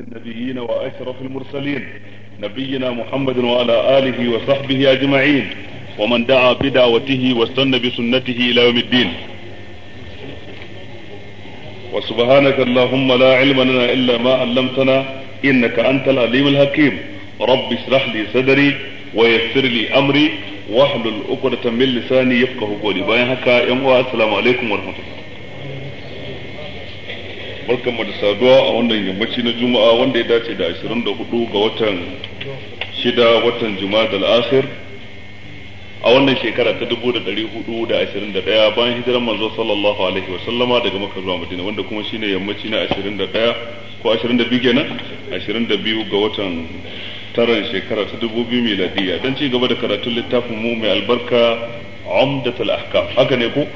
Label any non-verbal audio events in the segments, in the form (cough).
النبيين وأشرف المرسلين نبينا محمد وعلى آله وصحبه أجمعين ومن دعا بدعوته واستنى بسنته إلى يوم الدين وسبحانك اللهم لا علم لنا إلا ما علمتنا إنك أنت العليم الحكيم رب اشرح لي صدري ويسر لي أمري واحلل عقدة من لساني يفقه قولي باين هكا يا السلام عليكم ورحمة الله barkan mu da saduwa a wannan yammaci na juma'a wanda ya dace da 24 ga watan shida watan juma'a da akhir a wannan shekara ta 1421 bayan hijiran manzo sallallahu alaihi wa sallama daga Makka zuwa Madina wanda kuma shine yammaci na 21 ko 22 kenan 22 ga watan taran shekara ta 2000 miladiya dan ci gaba da karatun littafin mu mai albarka Umdatul Ahkam haka ne ko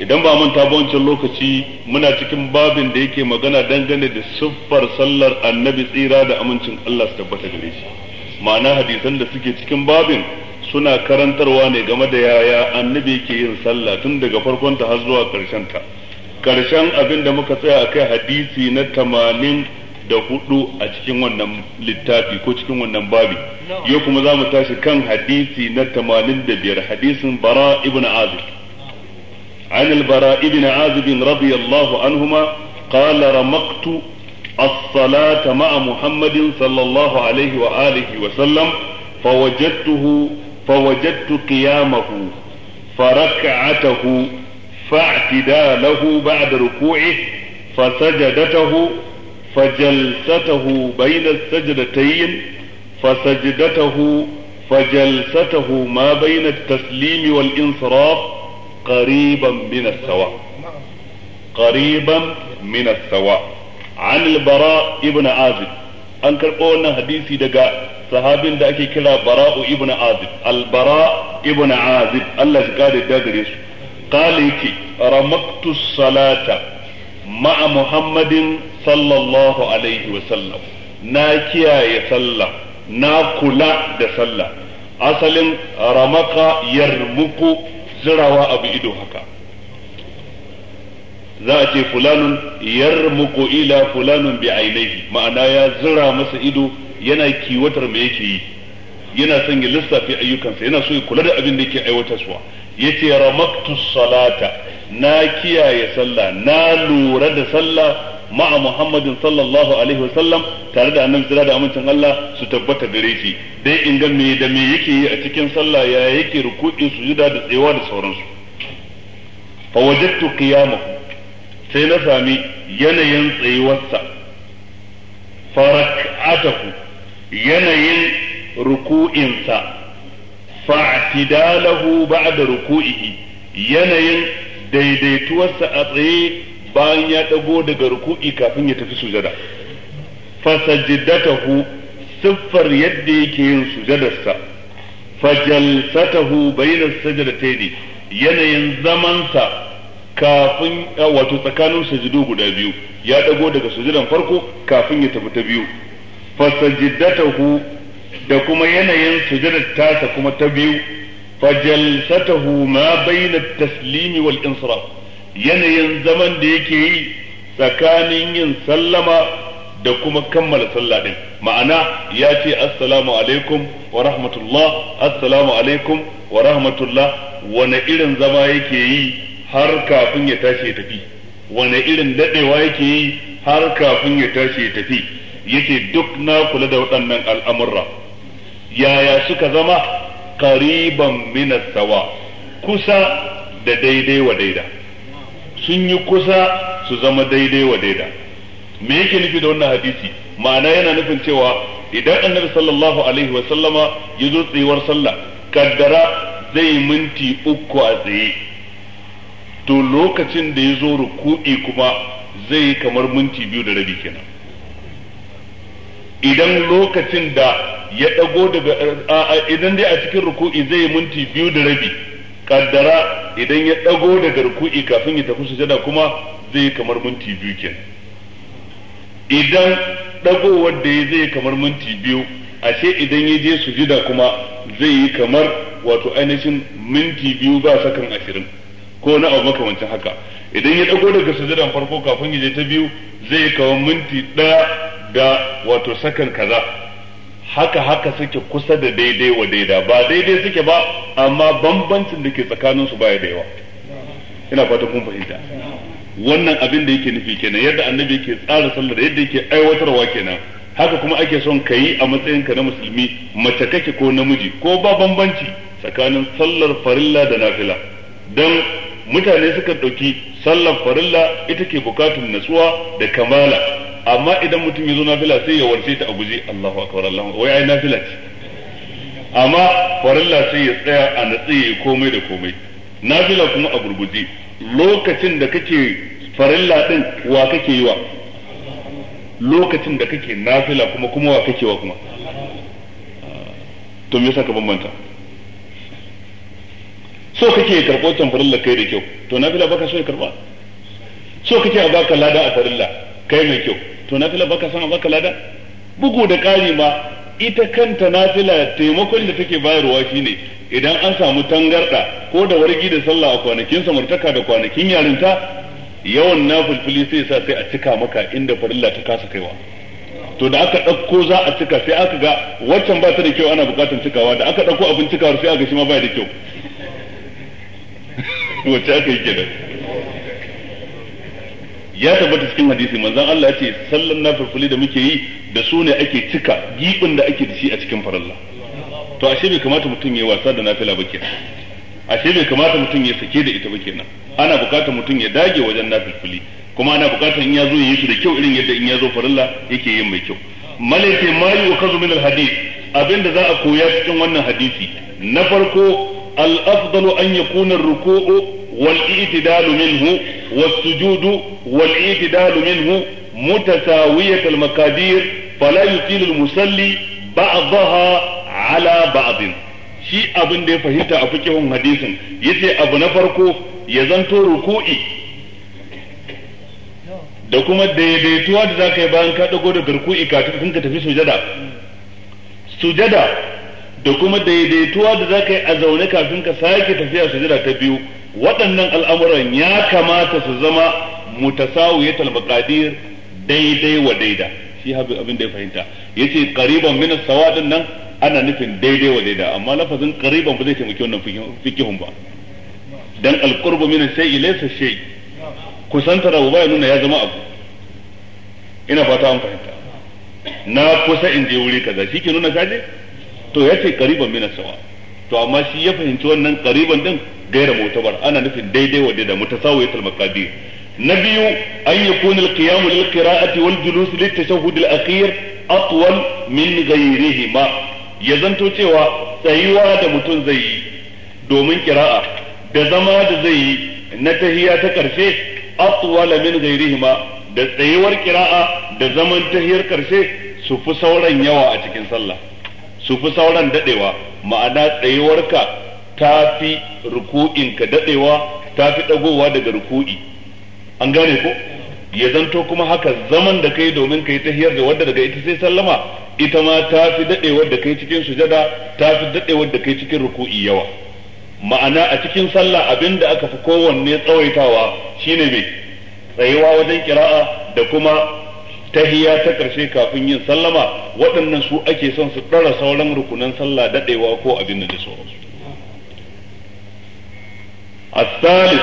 idan ba manta ba wancan lokaci muna cikin babin da yake magana dangane da siffar sallar annabi tsira da amincin Allah su tabbata gare shi ma'ana hadisan da suke cikin babin suna karantarwa ne game da yaya annabi yake yin sallah tun daga farkon ta har zuwa karshen ta karshen abin da muka tsaya akai hadisi na tamanin da hudu a cikin wannan littafi ko cikin wannan babi yau kuma za mu tashi kan hadisi na tamanin da biyar hadisin bara ibn azib عن البراء بن عازب رضي الله عنهما قال رمقت الصلاة مع محمد صلى الله عليه وآله وسلم فوجدته فوجدت قيامه فركعته فاعتداله بعد ركوعه فسجدته فجلسته بين السجدتين فسجدته فجلسته ما بين التسليم والانصراف قريبا من السواء قريبا من السواء عن البراء ابن عازب an karɓo wannan hadisi daga sahabin da ake kira bara'u ibn azib albara ibn azib Allah ya kare da gare su qala yake ramaktu salata ma'a muhammadin sallallahu alaihi wa sallam na kiyaye sallah na kula da sallah asalin ramaka yarmuku zirawa abu ido haka za a ce fulanun yarmuqu ila fulanun bi ainihi ma'ana ya zira masa ido yana kiwatar me yake yi yana son ya lissafi ayyukansa yana so ya kula da abin da yake aiwatarwa yace ramaktu salata na kiyaye sallah na lura da sallah ma'a muhammadin sallallahu alaihi wasallam tare da annabi tsira da amincin Allah su tabbata gare shi dai in ga me da me yake yi a cikin sallah ya yake ruku'i sujuda da tsayawa da sauransu fa wajadtu qiyamahu sai na sami yanayin tsayuwarsa fa rak'atahu yanayin ruku'insa fa i'tidalahu ba'da ruku'ihi yanayin daidaituwarsa a tsaye bayan ya ɗago daga ruku'i kafin ya tafi sujada fasajdatahu siffar yadda yake yin sujadarsa fajalsatahu bayna sajdataini yanayin zamansa kafin wato tsakanin sujudu guda biyu ya ɗago daga sujudan farko kafin ya tafi ta biyu fasajdatahu da kuma yanayin sujadar tasa kuma ta biyu fajalsatahu ma bayna taslimi wal insiraf yanayin zaman da yake yi tsakanin yin sallama da kuma kammala sallah din ma'ana ya ce assalamu alaikum wa rahmatullah assalamu alaikum wa rahmatullah wane irin zama yake yi har kafin ya tashi ya tafi wane irin dadewa yake yi har kafin ya tashi ya tafi yake duk na kula da waɗannan al'amurra yaya suka zama kariban minas sawa kusa da daidai wa daida sun yi kusa su zama daidai wa daida me yake nufi da wannan hadisi ma'ana yana nufin cewa idan annabi sallallahu alaihi wa sallama ya zo tsayuwar sallah kaddara zai minti uku a tsaye to lokacin da ya zo ruku'i kuma zai kamar minti biyu da rabi kenan idan lokacin da ya dago daga idan dai a cikin ruku'i zai minti biyu da rabi kaddara idan ya dago daga ruku'i kafin ya tafi sujada kuma zai kamar minti biyu kenan idan dagowar da ya zai kamar minti biyu ashe idan ya je sujada kuma zai yi kamar wato ainihin minti biyu ba sakan ashirin ko na abu makamancin haka idan ya dago daga sujadan farko kafin ya je ta biyu zai kamar minti ɗaya da wato sakan kaza haka haka suke kusa da daidai wa daida ba daidai suke ba amma bambancin da ke tsakanin su baya da yawa ina fata kun fahimta wannan abin da yake nufi kenan yadda annabi yake tsara sallar da yadda yake aiwatarwa kenan haka kuma ake son ka yi a matsayin ka na musulmi mace kake ko namiji ko ba bambanci tsakanin sallar farilla da nafila dan mutane suka ɗauki sallar farilla ita ke bukatun natsuwa da kamala amma idan mutum ya zo nafila sai ya warce ta a guje Allahu akbar Allahu wai ai nafila ce amma farilla sai ya tsaya a natsi tsaye komai da komai nafila kuma a gurguje lokacin da kake farilla din wa kake yi wa lokacin da kake nafila kuma kuma wa kake wa kuma to me yasa ka bambanta so kake karɓo can farilla kai da kyau to nafila baka so ya karɓa so kake a baka lada a farilla kai mai kyau to nafila baka san baka lada bugu da ƙari ma ita kanta nafila taimakon da take bayarwa shine idan an samu tangarda ko da wargi da sallah a kwanakin samartaka da kwanakin yarinta yawan nafilfili sai sa sai a cika maka inda farilla ta kasa kaiwa to da aka ɗauko za a cika sai aka ga waccan ba ta da kyau ana buƙatar cikawa da aka ɗauko abin cikawar sai aka shi ma ba da kyau (laughs) wacce aka yi kenan ya tabbata cikin hadisi manzon Allah ya ce sallan nafilfili da muke yi da su ne ake cika gibin da ake da shi a cikin farilla to ashe bai kamata mutum ya wasa da nafila ba kenan ashe bai kamata mutum ya sake da ita ba kenan ana bukatar mutum ya dage wajen nafilfili kuma ana bukatar in ya zo yi su da kyau irin yadda in ya zo farilla yake yin mai kyau malaike ma yi wa kazu min abinda za a koya cikin wannan hadisi na farko الأفضل أن يكون الركوع والاعتدال منه والسجود والاعتدال منه متساوية المقادير فلا يطيل المصلي بعضها على بعض shi abin da ya fahimta a fikihun hadisin yace abu na farko ya zanto ruku'i da kuma daidaituwa da zaka yi bayan ka dago da garku'i kafin ka tafi sujada sujada da kuma daidaituwa da zaka yi a zaune kafin ka sake tafiya su sujada ta biyu waɗannan al'amuran ya kamata su zama mutasawiyatul maqadir daidai wa daida shi habi abin da ya fahimta yace qariban min sawadin nan ana nufin daidai wa daida amma lafazin qariban ba zai taimaki wannan fikihun ba dan alqurbu min shay'i laysa shay kusantar abu ya nuna ya zama abu ina fata an fahimta na kusa in je wuri kaza shi ke nuna kaje to ya ce qariban mina sawa to amma shi ya fahimci wannan qariban din gaira mutabar ana nufin daidai wa da mutasawiyatul maqadir na biyu an yi al-qiyam lil qira'ati wal julus lit tashahhud al-akhir atwal min ghayrihima ya zanto cewa tsayuwa da mutum zai yi domin kira'a da zama da zai yi na tahiya ta karshe atwala min ghayrihima da tsayuwar kira'a da zaman tahiyar karshe su fi sauran yawa a cikin sallah su sauran dadewa ma'ana tsayuwarka ta fi ruku'inka dadewa ta fi dagowa daga ruku'i an gane ko ya zanto kuma haka zaman da kai domin kai tahiyar da wadda daga ita sai sallama ita ma ta fi dadewar da kai cikin sujada ta fi dadewar da kai cikin ruku'i yawa ma'ana a cikin sallah abin da aka fi kowanne tsawaitawa shine mai tsayuwa wajen kira'a da kuma tahiya ta ƙarshe kafin yin sallama waɗannan su ake son su ɗara sauran rukunan sallah daɗewa ko abin da a asali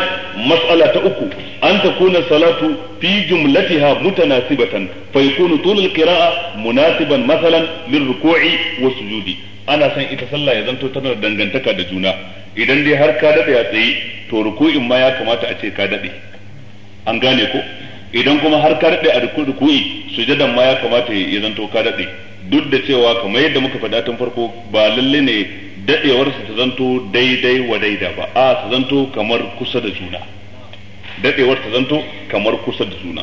matsala ta uku an ta kuna salatu fi jumlatiha mutanasibatan fa yakunu tul qira'a munasiban matsalan min ruku'i wasu sujudi ana son ita sallah ya zanto tana dangantaka da juna idan dai har ka daɗe a tsaye to ruku'in ma ya kamata a ce ka daɗe an gane ko idan kuma har ka daɗe a ruku'i sujadan ma ya kamata ya zanto ka daɗe duk da cewa kamar yadda muka faɗa tun farko ba lalle ne daɗewar ta zanto daidai wa daida ba a su zanto kamar kusa da juna daɗewar ta zanto kamar kusa da juna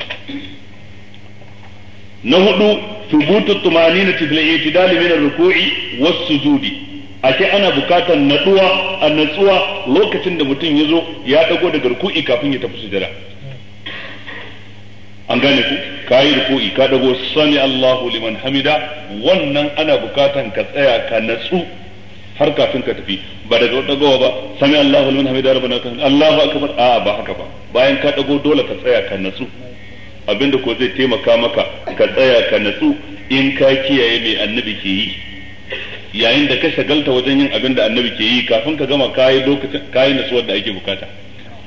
na hudu thubutu tumanina fil i'tidal min ar-ruku'i wasu sujudi ake ana bukatar natsuwa a natsuwa lokacin da mutum ya zo ya ɗago daga ruku'i kafin ya tafi sujada an gane ku ka yi ruku'i ka dago sami Allahu liman hamida wannan ana bukatan ka tsaya ka natsu har kafin ka tafi ba daga dagowa ba sami Allahu liman hamida rabbana kan Allahu akbar a ba haka ba bayan ka dago dole ka tsaya ka natsu abinda ko zai taimaka maka ka tsaya ka natsu in ka kiyaye mai annabi ke yi yayin da ka shagalta wajen yin abinda annabi ke yi kafin ka gama kayi lokacin kayi natsuwar da ake bukata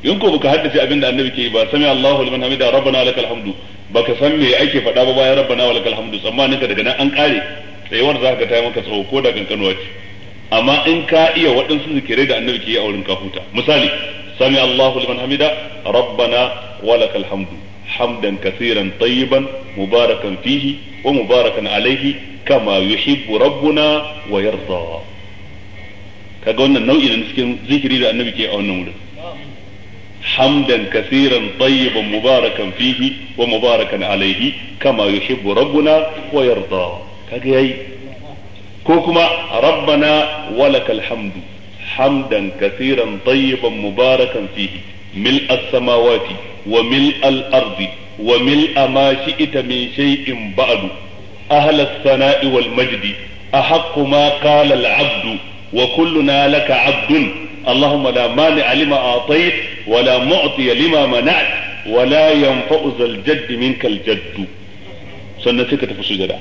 in ko baka haddace abin da annabi ke ba sami Allahu liman hamida rabbana lakal hamdu baka san me ake faɗa ba bayan rabbana walakal hamdu tsammanin ka daga nan an kare wanda za ka ta maka tsawo ko da kankanuwa ce amma in ka iya waɗansu zikirai da annabi ke yi a wurin ka huta misali sami Allahu liman hamida rabbana walakal hamdu hamdan kasiran tayyiban mubarakan fihi wa mubarakan alaihi kama yuhibbu rabbuna wa yarda kaga wannan nau'i ne cikin zikiri da annabi ke a wannan wurin hamdan kasiran tayyiban mubarakan fihi wa mubarakan alaihi kama yuhibbu rabbuna wa yarda kaga yayi ko kuma rabbana walakal hamdu hamdan kasiran tayyiban mubarakan fihi ملء السماوات وملء الأرض وملء ما شئت من شيء بعد أهل الثناء والمجد أحق ما قال العبد وكلنا لك عبد اللهم لا مانع لما أعطيت ولا معطي لما منعت ولا ينفع ذا الجد منك الجد sannan sai ka tafi sujada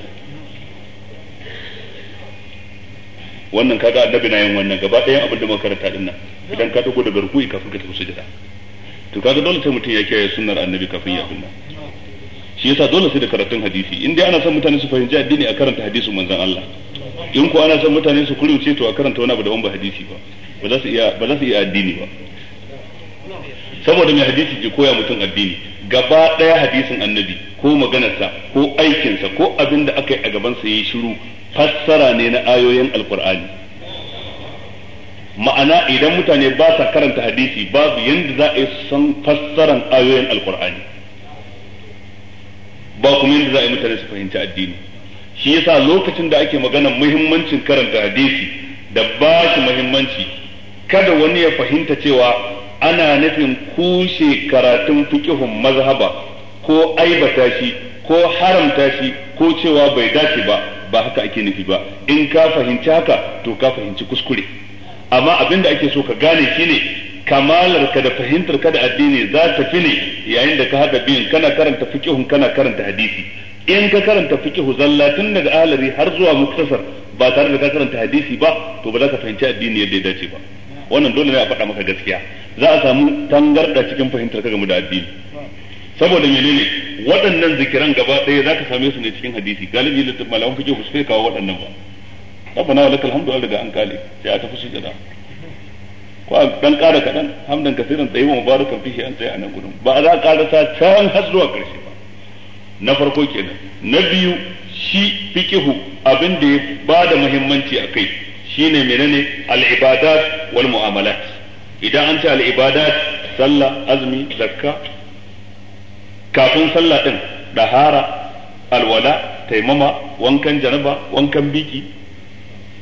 wannan kaga annabi na yin wannan gaba ɗayan abin da makaranta din nan idan ka dago daga rukui kafin ka tafi sujada to kaga dole sai mutum ya kiyaye sunnar annabi kafin ya sunna shi yasa dole sai da karatun hadisi in dai ana son mutane su fahimci addini a karanta hadisin manzon Allah in ko ana son mutane su kurince to a karanta wani abu da ba hadisi ba ba za su iya addini ba saboda mai hadisi ke koya mutum addini gaba ɗaya hadisin annabi ko maganarsa ko aikinsa ko abin da aka yi a gabansa ya yi shiru fassara ne na ayoyin alkur'ani ma'ana idan mutane ba sa karanta hadisi babu yadda za a yi san fassaran ayoyin alkur'ani ba kuma yadda za a yi mutane su fahimci addini shi yasa lokacin da ake maganar muhimmancin karanta hadisi da ba shi muhimmanci kada wani ya fahimta cewa ana nufin kushe karatun fikihun mazhaba ko aibata shi ko haramta shi ko cewa bai dace ba ba haka ake nufi ba in ka fahimci haka to ka fahimci kuskure amma abin da ake so ka gane shine kamalar ka da fahimtar ka da addini za ta fi ne yayin da ka haɗa biyun kana karanta fikihun kana karanta hadisi in ka karanta fikihu zalla tun daga alari har zuwa muktasar ba tare da ka karanta hadisi ba to ba za ka fahimci addini yadda ya dace ba wannan dole ne a faɗa maka gaskiya za a samu tangarɗa cikin fahimtar ka game da addini saboda menene waɗannan zikiran gaba ɗaya za ka same su ne cikin hadisi galibi da malaman fiqh ba su kai kawo waɗannan ba rabbana wa lakal hamdu daga an kale sai a tafi sujada ko a dan ƙara kaɗan hamdan kasiran tsayi wa mubarakan fihi an tsaye a nan gudun ba a za a ƙara sa can har zuwa ƙarshe ba na farko kenan na biyu shi fiƙihu abin da ya ba da muhimmanci a kai shine menene al-ibadat wal mu'amalat idan an ce al sallah azumi zakka kafin sallah din dahara alwala taimama wankan janaba wankan biki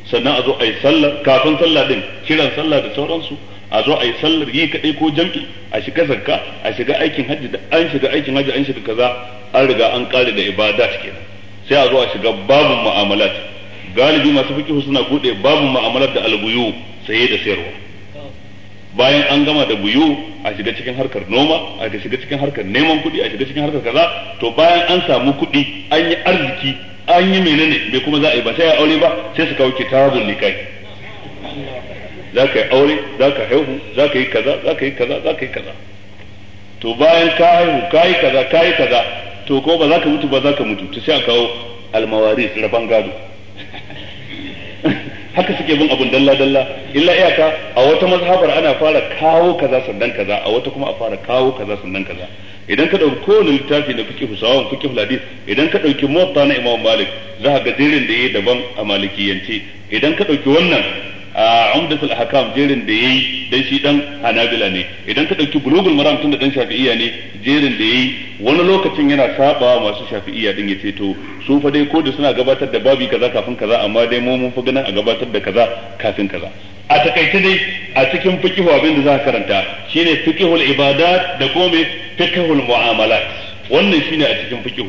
sannan a zo a yi sallar kafin sallah din kiran sallah da sauransu a zo a yi sallar yi kadai ko jam'i a shiga zakka a shiga aikin hajji da an shiga aikin hajji an shiga kaza an riga an kare da ibada kenan sai a zo a shiga babun mu'amalat galibi masu fiki suna bude babu ma'amalar da albuyu saye da sayarwa bayan an gama da buyu a shiga cikin harkar noma a shiga cikin harkar neman kuɗi a shiga cikin harkar kaza to bayan an samu kuɗi an yi arziki an yi menene bai kuma za a yi ba sai a aure ba sai su kawo tarabun nikahi za ka yi aure za ka haihu za ka yi kaza za ka yi kaza za ka yi kaza to bayan ka haihu ka yi kaza ka yi kaza to ko ba za ka mutu ba za ka mutu to sai a kawo almawari rabon gado (laughs) haka suke bin abun dalla dalla illa iyaka a wata mazhabar ana fara kawo kaza sannan kaza a wata kuma a fara kawo kaza sannan kaza idan ka dauki kowane littafi na fiqh sawan fiqh hadith idan ka dauki muwatta na imam malik za ka ga jerin da yake daban a malikiyance idan ka dauki wannan a umdatul ahkam jerin da yayi dan shi dan hanabila ne idan ka dauki bulugul maram tun da dan shafi'iyya ne jerin da yayi wani lokacin yana saba masu shafi'iyya din ya to su fa dai ko da suna gabatar da babi kaza kafin kaza amma dai mu mun fi ganin a gabatar da kaza kafin kaza a takaice dai a cikin fiqh abin da za ka karanta shine fiqhul ibadat da kuma fiqhul mu'amalat wannan shine a cikin fiqh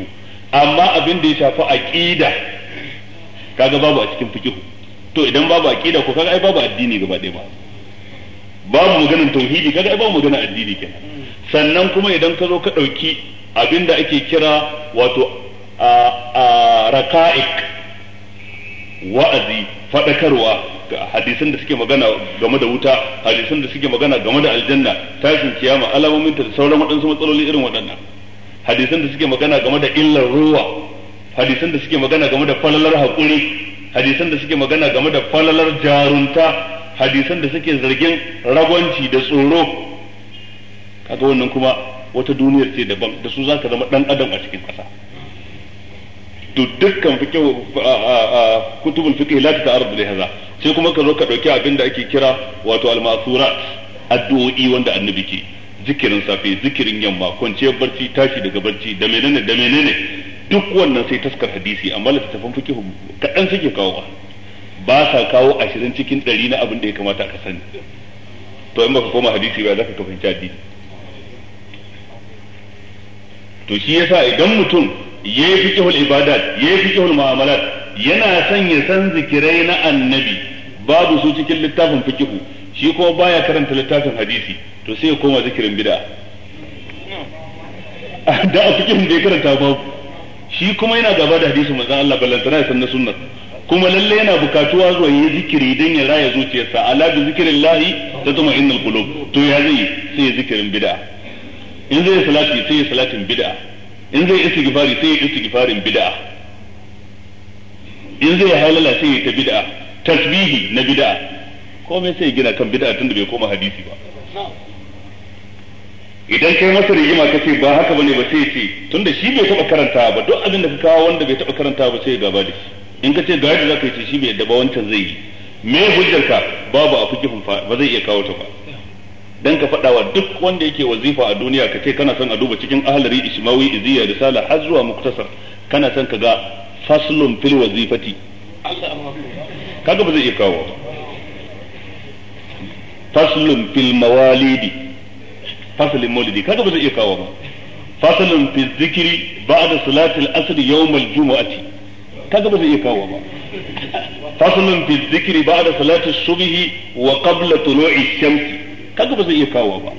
amma abin da ya shafi aqida kaga babu a cikin fiqh to idan babu aqida ko kaga ai babu addini gaba ɗaya ba babu maganar tauhidi kaga ai babu maganar addini kenan sannan kuma idan ka zo ka ɗauki abinda ake kira wato a raka'ik wa'azi faɗakarwa hadisan da suke magana game da wuta hadisan da suke magana game da aljanna tashin kiyama ta da sauran waɗansu matsaloli irin waɗannan hadisan da suke magana game da illar ruwa hadisan da suke magana game da falalar haƙuri hadisan da suke magana game da falalar jarunta hadisan da suke zargin ragwanci da tsoro kaga wannan kuma wata duniyar ce daban da su zaka zama dan adam a cikin kasa to dukkan fiqh kutubul fiqh la ta'arud li hadha sai kuma ka zo ka dauki abin da ake kira wato al ma'surat addu'o'i wanda annabi ke zikirin safe zikirin yamma kwanciyar barci tashi daga barci da menene da menene duk wannan sai taskar hadisi amma littattafan fikihu kaɗan suke kawo ba sa kawo ashirin cikin ɗari na abin da ya kamata ka sani to in baka koma hadisi ba za ka kafin addini to shi yasa idan mutum ya yi fiqhul ibadat ya yi fiqhul mu'amalat yana son ya san zikirai na annabi babu su cikin littafin fikihu shi kuma baya karanta littafin hadisi to sai ya koma zikirin bid'a (laughs) da a fiqhun da ya karanta babu shi kuma yana gaba da hadisin manzon Allah ballantana ya san na sunnar kuma lalle yana bukatuwa zuwa yi zikiri dan ya raya zuciyarsa ala bi zikirin lahi innal qulub to ya zai sai zikirin bid'a in zai salati sai salatin bid'a in zai istighfari sai istighfarin bid'a in zai halala sai ya ta bid'a tasbihi na bid'a komai sai gina kan bid'a tunda bai koma hadisi ba idan kai masa rigima ka ce ba haka bane ba sai ce tunda shi bai taba karanta ba duk abin da ka kawo wanda bai taba karanta ba sai gaba da shi in ka ce ga yadda zaka ce shi bai yadda ba wancan zai yi me hujjar ka babu a fikihun fa ba zai iya kawo ta ba dan ka faɗa wa duk wanda yake wazifa a duniya ka ce kana son a duba cikin ahlari ismawi iziya risala har zuwa muktasar kana son ka ga faslun fil wazifati kaga ba zai iya kawo ba faslun fil mawalidi fasalin maulidi kaga ba zai iya kawo ba fasalin fi zikiri ba'da salatil asr yawmal jumu'ati kaga ba zai iya kawo ba fasalin fi zikiri ba'da salatil subhi wa qabla tulu'i shamsi kaga ba zai iya kawo ba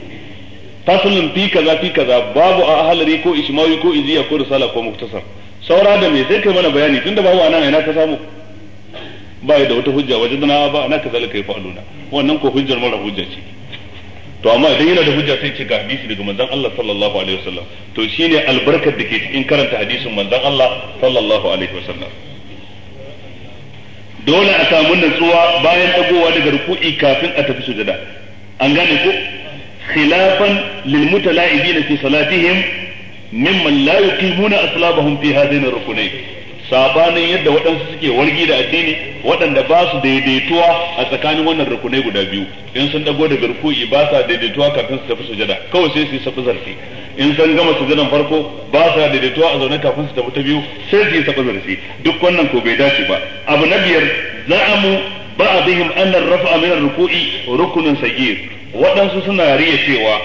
fasalin fi kaza fi kaza babu a ahalari ko ishmawi ko iziya ko risala ko muktasar saura da me sai kai mana bayani tunda babu anan ina ka samu ba da wata hujja wajen na ba ana kazalika na wannan ko hujjar mara hujja ce to amma idan yana da hujja sai ce ga hadisi daga manzon Allah sallallahu alaihi wasallam to shine albarkar da ke cikin karanta hadisin manzon Allah sallallahu alaihi wasallam dole a samu natsuwa bayan dagowa daga ruku'i kafin a tafi sujada an gane ko khilafan lil mutala'ibina fi salatihim mimman la yuqimuna aslabahum fi hadain ar-rukunayn sabanin yadda waɗansu suke wargi da addini waɗanda ba su daidaituwa a tsakanin wannan rukunai guda biyu in sun dago da garku'i ba sa daidaituwa kafin su tafi sujada kawai sai su yi sabu zarfi in sun gama sujadan farko ba sa daidaituwa a zaune kafin su tafi ta biyu sai su yi sabu zarfi duk wannan ko bai dace ba abu na biyar za'amu ba'dihim annar rafa'a min ar-ruku'i rukunun sagir waɗansu suna riya cewa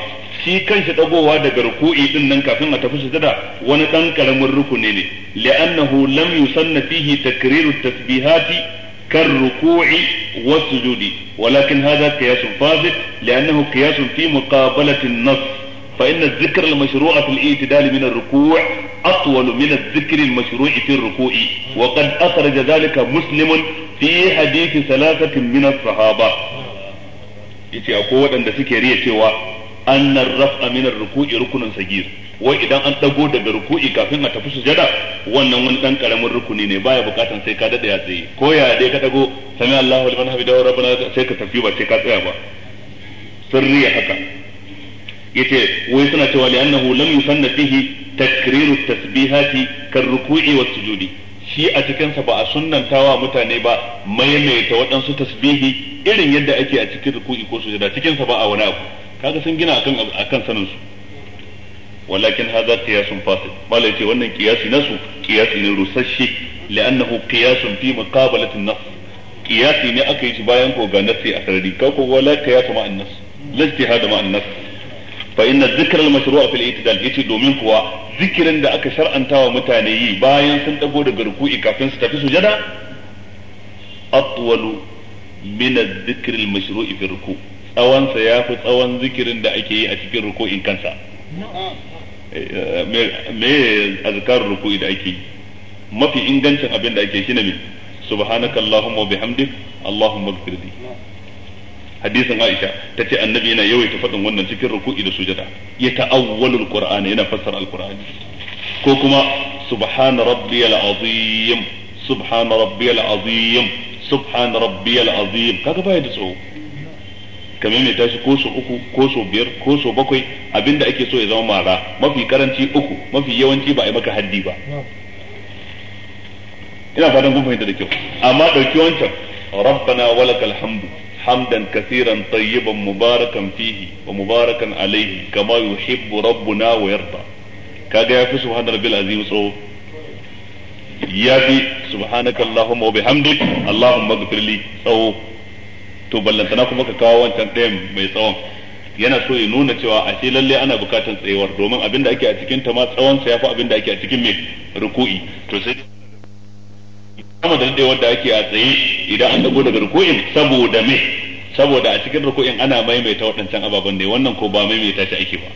shi kanshi dagowa daga ruku'i din nan kafin a tafi sujada wani dan karamin rukuni ne li'annahu lam yusanna fihi takriru tasbihati kan ruku'i wa sujudi walakin hadha qiyasun fasid li'annahu qiyasun fi muqabalati an-nass فإن الذكر المشروع في الاعتدال من الركوع أطول من الذكر المشروع في الركوع وقد أخرج ذلك مسلم في حديث ثلاثة من الصحابة yace akwai waɗanda suke riya cewa annar raf'a min ruku'i rukunin sagir wai idan an dago daga ruku'i kafin a tafi sujada wannan wani dan karamin rukuni ne baya bukatan sai ka dade ya tsaye ko ya dai ka dago sami Allahu liman hamida rabbana sai ka tafi ba sai ka tsaya ba sirri haka yace wai suna cewa li annahu lam yusanna fihi takriru tasbihati kar ruku'i was sujudi shi a cikinsa ba a sunnantawa mutane ba maimaita waɗansu tasbihi irin yadda ake a cikin ruku'i ko sujada cikinsa ba a wani abu kaga sun gina akan akan sanin su walakin hadha qiyasun fasid bala yace wannan qiyasi nasu qiyasi ne rusashi li'annahu qiyasun fi muqabalati an-nas qiyasi ne aka yi shi bayan ko ga nasi a sarari ka ko wala qiyasa ma'an nas lijtihad ma'an nas fa inna dhikra al-mashru'a fil i'tidal yace domin kuwa zikirin da aka shar'antawa mutane yi bayan sun dago daga ruku'i kafin su tafi sujada atwalu min adh-dhikri al-mashru'i fi ruku' tsawonsa ya fi tsawon zikirin da ake yi a cikin ruku'in kansa me azkar ruku'i da ake yi mafi ingancin abin da ake shi ne subhanaka allahumma bihamdik allahumma ighfirli hadisin Aisha ta ce annabi yana yawaita faɗin wannan cikin ruku'i da sujada ya ta'awwalul qur'ani yana fassara alqur'ani ko kuma subhana rabbiyal azim subhana rabbiyal azim subhana rabbiyal azim kaga baya da tsawo ka maimaita shi ko so uku ko so biyar ko so bakwai abinda ake so ya zama mara mafi karanci uku mafi yawanci ba a yi maka haddi ba ina fatan kun fahimta da kyau amma dauki wancan rabbana walakal hamdu hamdan kasiran tayyiban mubarakan fihi wa mubarakan alaihi kama yuhibbu rabbuna wa yarda kaga yafi subhanar bil azim tsawo yafi subhanakallahumma wa bihamdik allahumma ighfirli tsawo to ballantana kuma ka kawo wancan ɗayan mai tsawon yana so ya nuna cewa a ce lalle ana bukatan tsayuwar domin abinda ake a cikin ta ma tsawon sa yafi abinda ake a cikin mai ruku'i to sai kama da daɗewar da ake a tsaye idan an dago daga ruku'in saboda me saboda a cikin ruku'in ana maimaita waɗancan ababen ne wannan ko ba maimaita shi ake ba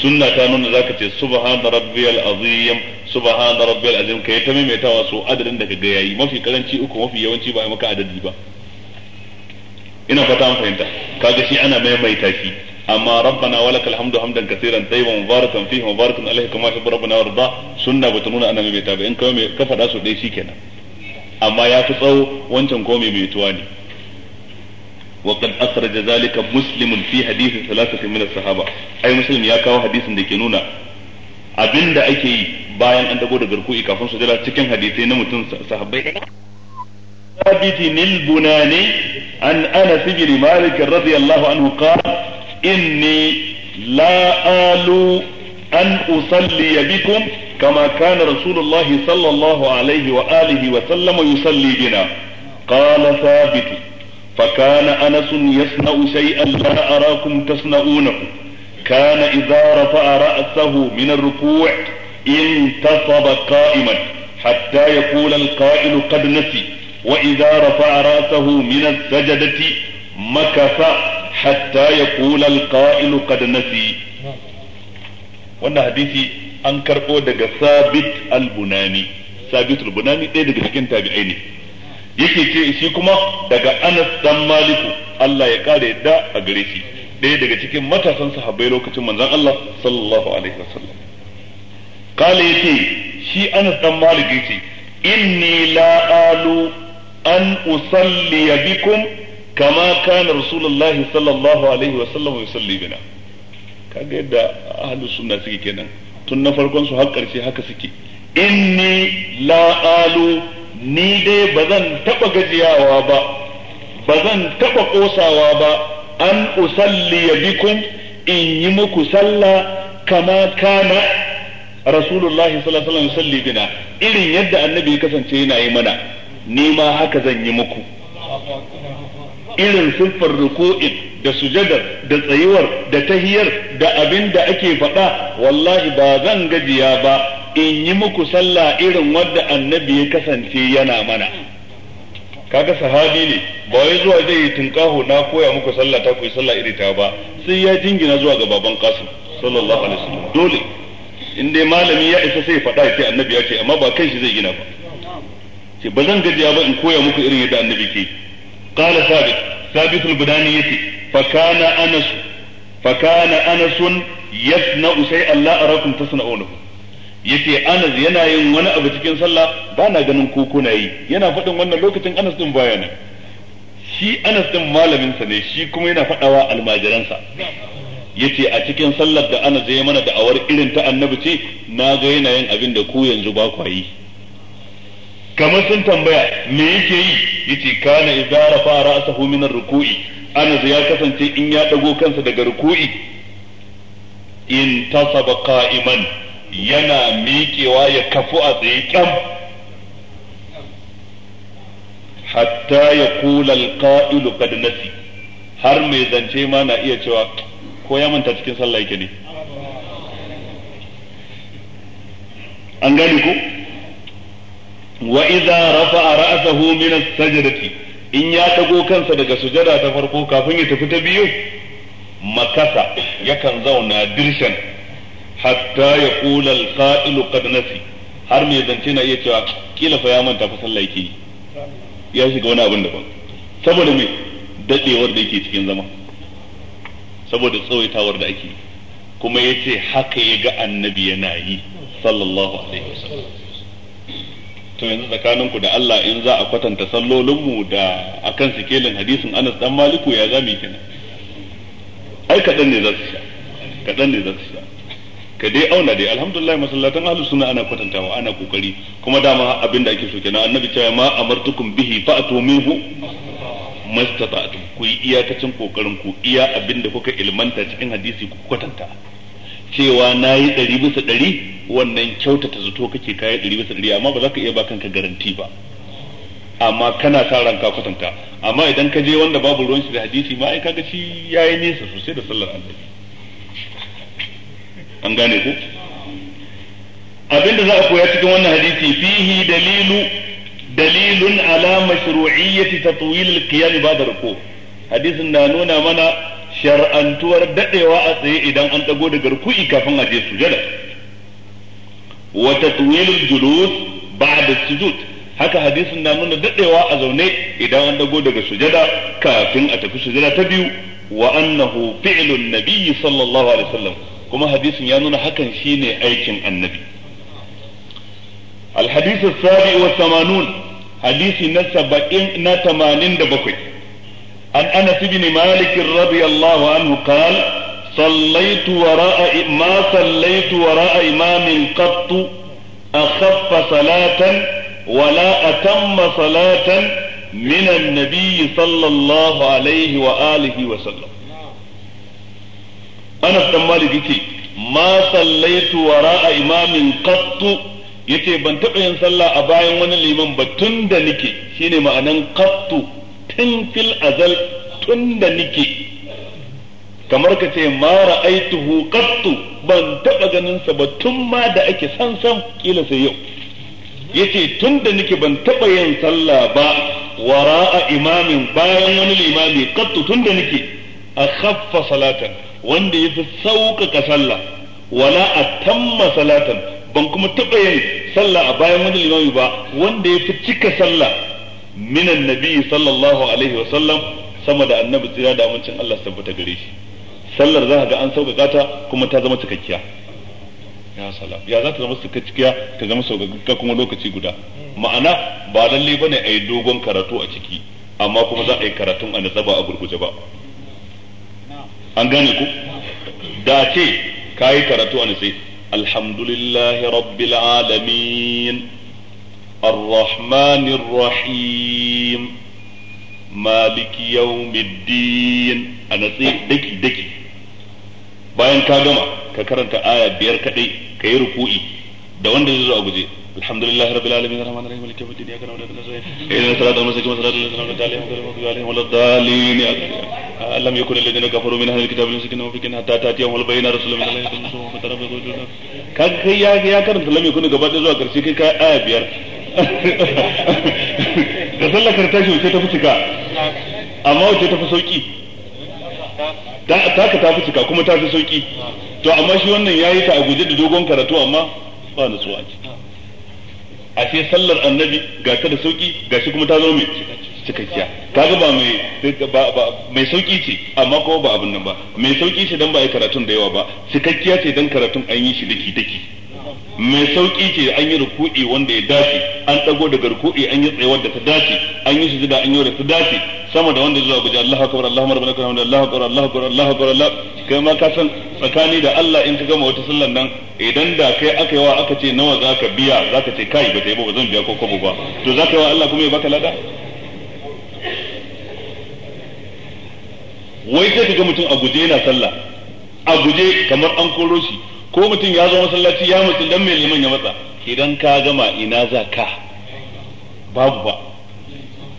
sunna ta nuna zaka ce subhana rabbiyal azim subhana rabbiyal azim kai ta maimaitawa so adadin da kaga yayi mafi karanci uku mafi yawanci ba maka adadi ba ina fata an fahimta kaga shi ana maimaita shi amma rabbana walakal hamdu hamdan kaseeran tayyiban mubarakan fihi mubarakan alaihi kama yuhibbu rabbuna warda sunna bata nuna ana maimaita ba in ka mai ka fada su dai shikenan amma ya fi tsawo wancan ko maimaituwa ne وقد أخرج ذلك مسلم في حديث ثلاثة sahaba ai أي ya kawo hadisin da ke nuna abinda ake yi bayan an dago da garku'i kafin su jira cikin hadisai na mutum sahabbai ثابت البناني عن انس بن مالك رضي الله عنه قال اني لا آلو ان اصلي بكم كما كان رسول الله صلى الله عليه واله وسلم يصلي بنا قال ثابت فكان انس يصنع شيئا لا اراكم تصنعونه كان اذا رفع راسه من الركوع انتصب قائما حتى يقول القائل قد نسي وإذا رفع رأسه من السجدة مكث حتى يقول القائل قد نسي wannan hadisi an karɓo daga sabit al-bunani sabit al-bunani ɗaya daga cikin tabi'ai ne yake ce shi kuma daga anas dan maliku Allah ya kare yadda a gare shi ɗaya daga cikin matasan sahabbai lokacin manzon Allah sallallahu alaihi wasallam kale yace shi anas dan malik yace inni la alu an usalliya bikun kama kana rasulullah sallallahu alaihi wa sallam yusalli bina kaga yadda ahlus sunna suke kenan tun na farkon su har karshe haka suke In la alu ni dai bazan taɓa gajiyawa ba bazan taba kosawa ba an usalliya bikun in yi muku salla, kama kana rasulullahi sallallahu alaihi wasallam salli bina irin yadda annabi ya kasance yana yi mana ni ma haka zan yi muku irin siffar ruku'in da sujadar da tsayuwar da tahiyar da abin da ake faɗa wallahi ba zan gajiya ba in yi muku sallah irin wadda annabi ya kasance yana mana kaga sahabi ne ba wai zuwa zai yi tunkaho na koya muku sallah ta koyi sallah iri ta ba sai ya jingina zuwa ga baban kasu sallallahu alaihi wasallam dole in dai malami ya isa sai faɗa ya ce annabi ya ce amma ba kai shi zai gina ba ce ba zan gajiya ba in koya muku irin yadda annabi ke qala sabit sabit al-budani yace fa kana anas fa kana anas yasna'u shay'an la arakum yace anas yana yin wani abu cikin sallah bana ganin ko kuna yi yana faɗin wannan lokacin anas din baya ne shi anas din malamin sa ne shi kuma yana faɗawa almajiransa yace a cikin sallar da anas ya mana da'awar irin ta annabi ce na ga yana yin abin da ku yanzu ba ku yi kamar sun tambaya me yake yi yace kana idara fa ra'sahu min ar-ruku'i anas ya kasance in ya dago kansa daga ruku'i in tasaba qa'iman yana miƙewa ya kafu a tsaye kyam hatta ya kula alqa'ilu qad nasi har mai zance ma na iya cewa ko ya manta cikin sallah yake ne an gane ko wa idza rafa'a ra'sahu min as-sajdati in ya tago kansa daga sujada ta farko kafin ya tafi ta biyu makasa yakan zauna dirshan hatta ya kula al-qa'il qad nasi har mai zance na iya cewa kila fa ya manta fa sallah yake ya shiga wani abin daban saboda me dadewar da yake cikin zama saboda tsawaitawar da ake kuma yace haka ya ga annabi yana yi sallallahu alaihi wasallam to yanzu tsakanin ku da Allah in za a kwatanta sallolinmu mu da akan sikelin hadisin Anas dan Maliku ya zami kenan ai kadan ne za su sha kadan ne za su sha ka dai auna dai alhamdulillah masallatan ahlus sunna ana kwatantawa ana kokari kuma dama abin da ake so kenan annabi cewa ma amartukum bihi fa'tu minhu mastata'tum ku yi iyakacin kokarin ku iya abin da kuka ilmanta cikin hadisi ku kwatanta cewa na yi ɗari bisa ɗari wannan kyautata zato kake kayi ɗari bisa ɗari amma ba za ka iya ba kanka garanti ba amma kana sa ranka kwatanta amma idan ka je wanda babu ruwan shi da hadisi ma ai kaga shi yayi nesa sosai da sallar annabi an gane ku? abinda za a koya cikin wannan hadisi fihi dalilu dalilun ala mashru'iyyati tatwil al-qiyam ba'da ruku hadisin na nuna mana shar'antuwar dadewa a tsaye idan an dago daga ruku'i kafin a je sujada wa tatwilul julus da sujud haka hadisin na nuna dadewa a zaune idan an dago daga sujada kafin a tafi sujada ta biyu wa annahu fi'lun nabiyyi sallallahu alaihi wasallam kuma hadisin ya nuna hakan shine aikin annabi الحديث السابع والثمانون حديث نسبة na tamanin da bakwai. عن أنس بن مالك رضي الله عنه قال صليت وراء ما صليت وراء إمام قط أخف صلاة ولا أتم صلاة من النبي صلى الله عليه وآله وسلم أنا بن مالك ما صليت وراء إمام قط yace ban taɓa yin sallah a bayan wani liman ba tun da nike shine ma'anan qattu tun fil azal tun da nike kamar ka ce ma aituhu qattu ban taba ganinsa ba tun ma da ake san san kila sai yau yace tun da nike ban taba yin sallah ba wara'a imamin bayan wani limami qattu tun da nike a akhaffa salatan wanda ya fi sauƙaƙa sallah wala a tamma salatan ban kuma taɓa yin sallah a bayan wani limami ba wanda ya fi cika sallah minan nabi sallallahu alaihi wa sallam sama da annabi tsira da amincin Allah su tabbata gare shi sallar za ka ga an sauƙaƙa ta kuma ta zama cikakkiya ya salam ya za ta zama cikakkiya ta zama sauƙaƙa kuma lokaci guda ma'ana ba lalle bane a yi dogon karatu a ciki amma kuma za a yi karatun a nasaba ba a gurguje ba an gane ku da ce ka yi karatu a nasai alhamdulillahi rabbil alamin الرحمن الرحيم مالك يوم الدين أنا دكي دكي bayan ka gama ka karanta aya biyar kadai ka yi ruku'i da wanda zai zo a guje alhamdulillahi rabbil alamin maliki yawmiddin wa iyyaka nasta'in ihdinas siratal mustaqim siratal alam yakun alladhina kafaru min ahli alkitabi hatta kai ya ya karanta lam yakun gaba da zuwa karshe kai ka aya biyar da sallar kartashi wace ta fi cika amma wace ta fi sauki taka ta fi cika kuma ta fi sauki to amma shi wannan ya yi ta a guje da dogon karatu amma ba na suwa ce ce sallar annabi ga ta da sauki ga shi kuma ta zo mai cikakkiya ta ba mai mai sauki ce amma kuma ba abin nan ba mai sauki ce dan ba a yi karatun da yawa ba cikakkiya ce dan karatun an yi shi daki daki mai sauki ce an yi ruku'i wanda ya dace an dago daga ruku'i an yi tsayawar da ta dace an yi sujuda an yi da ta dace sama da wanda zuwa guji Allahu akbar Allahu akbar Allahu akbar Allahu akbar Allahu akbar Allahu akbar Allah kai ma ka san tsakani da Allah in ka gama wata sallar nan idan da kai aka yi wa aka ce nawa zaka biya zaka ce kai ba ta yi ba zan biya ko kwabo ba to zaka yi wa Allah kuma ya baka lada wai sai ka ga mutum a guje yana sallah a guje kamar an koro shi ko mutum ya zo masallaci ya mutu dan mai liman ya matsa idan ka gama ina za ka babu ba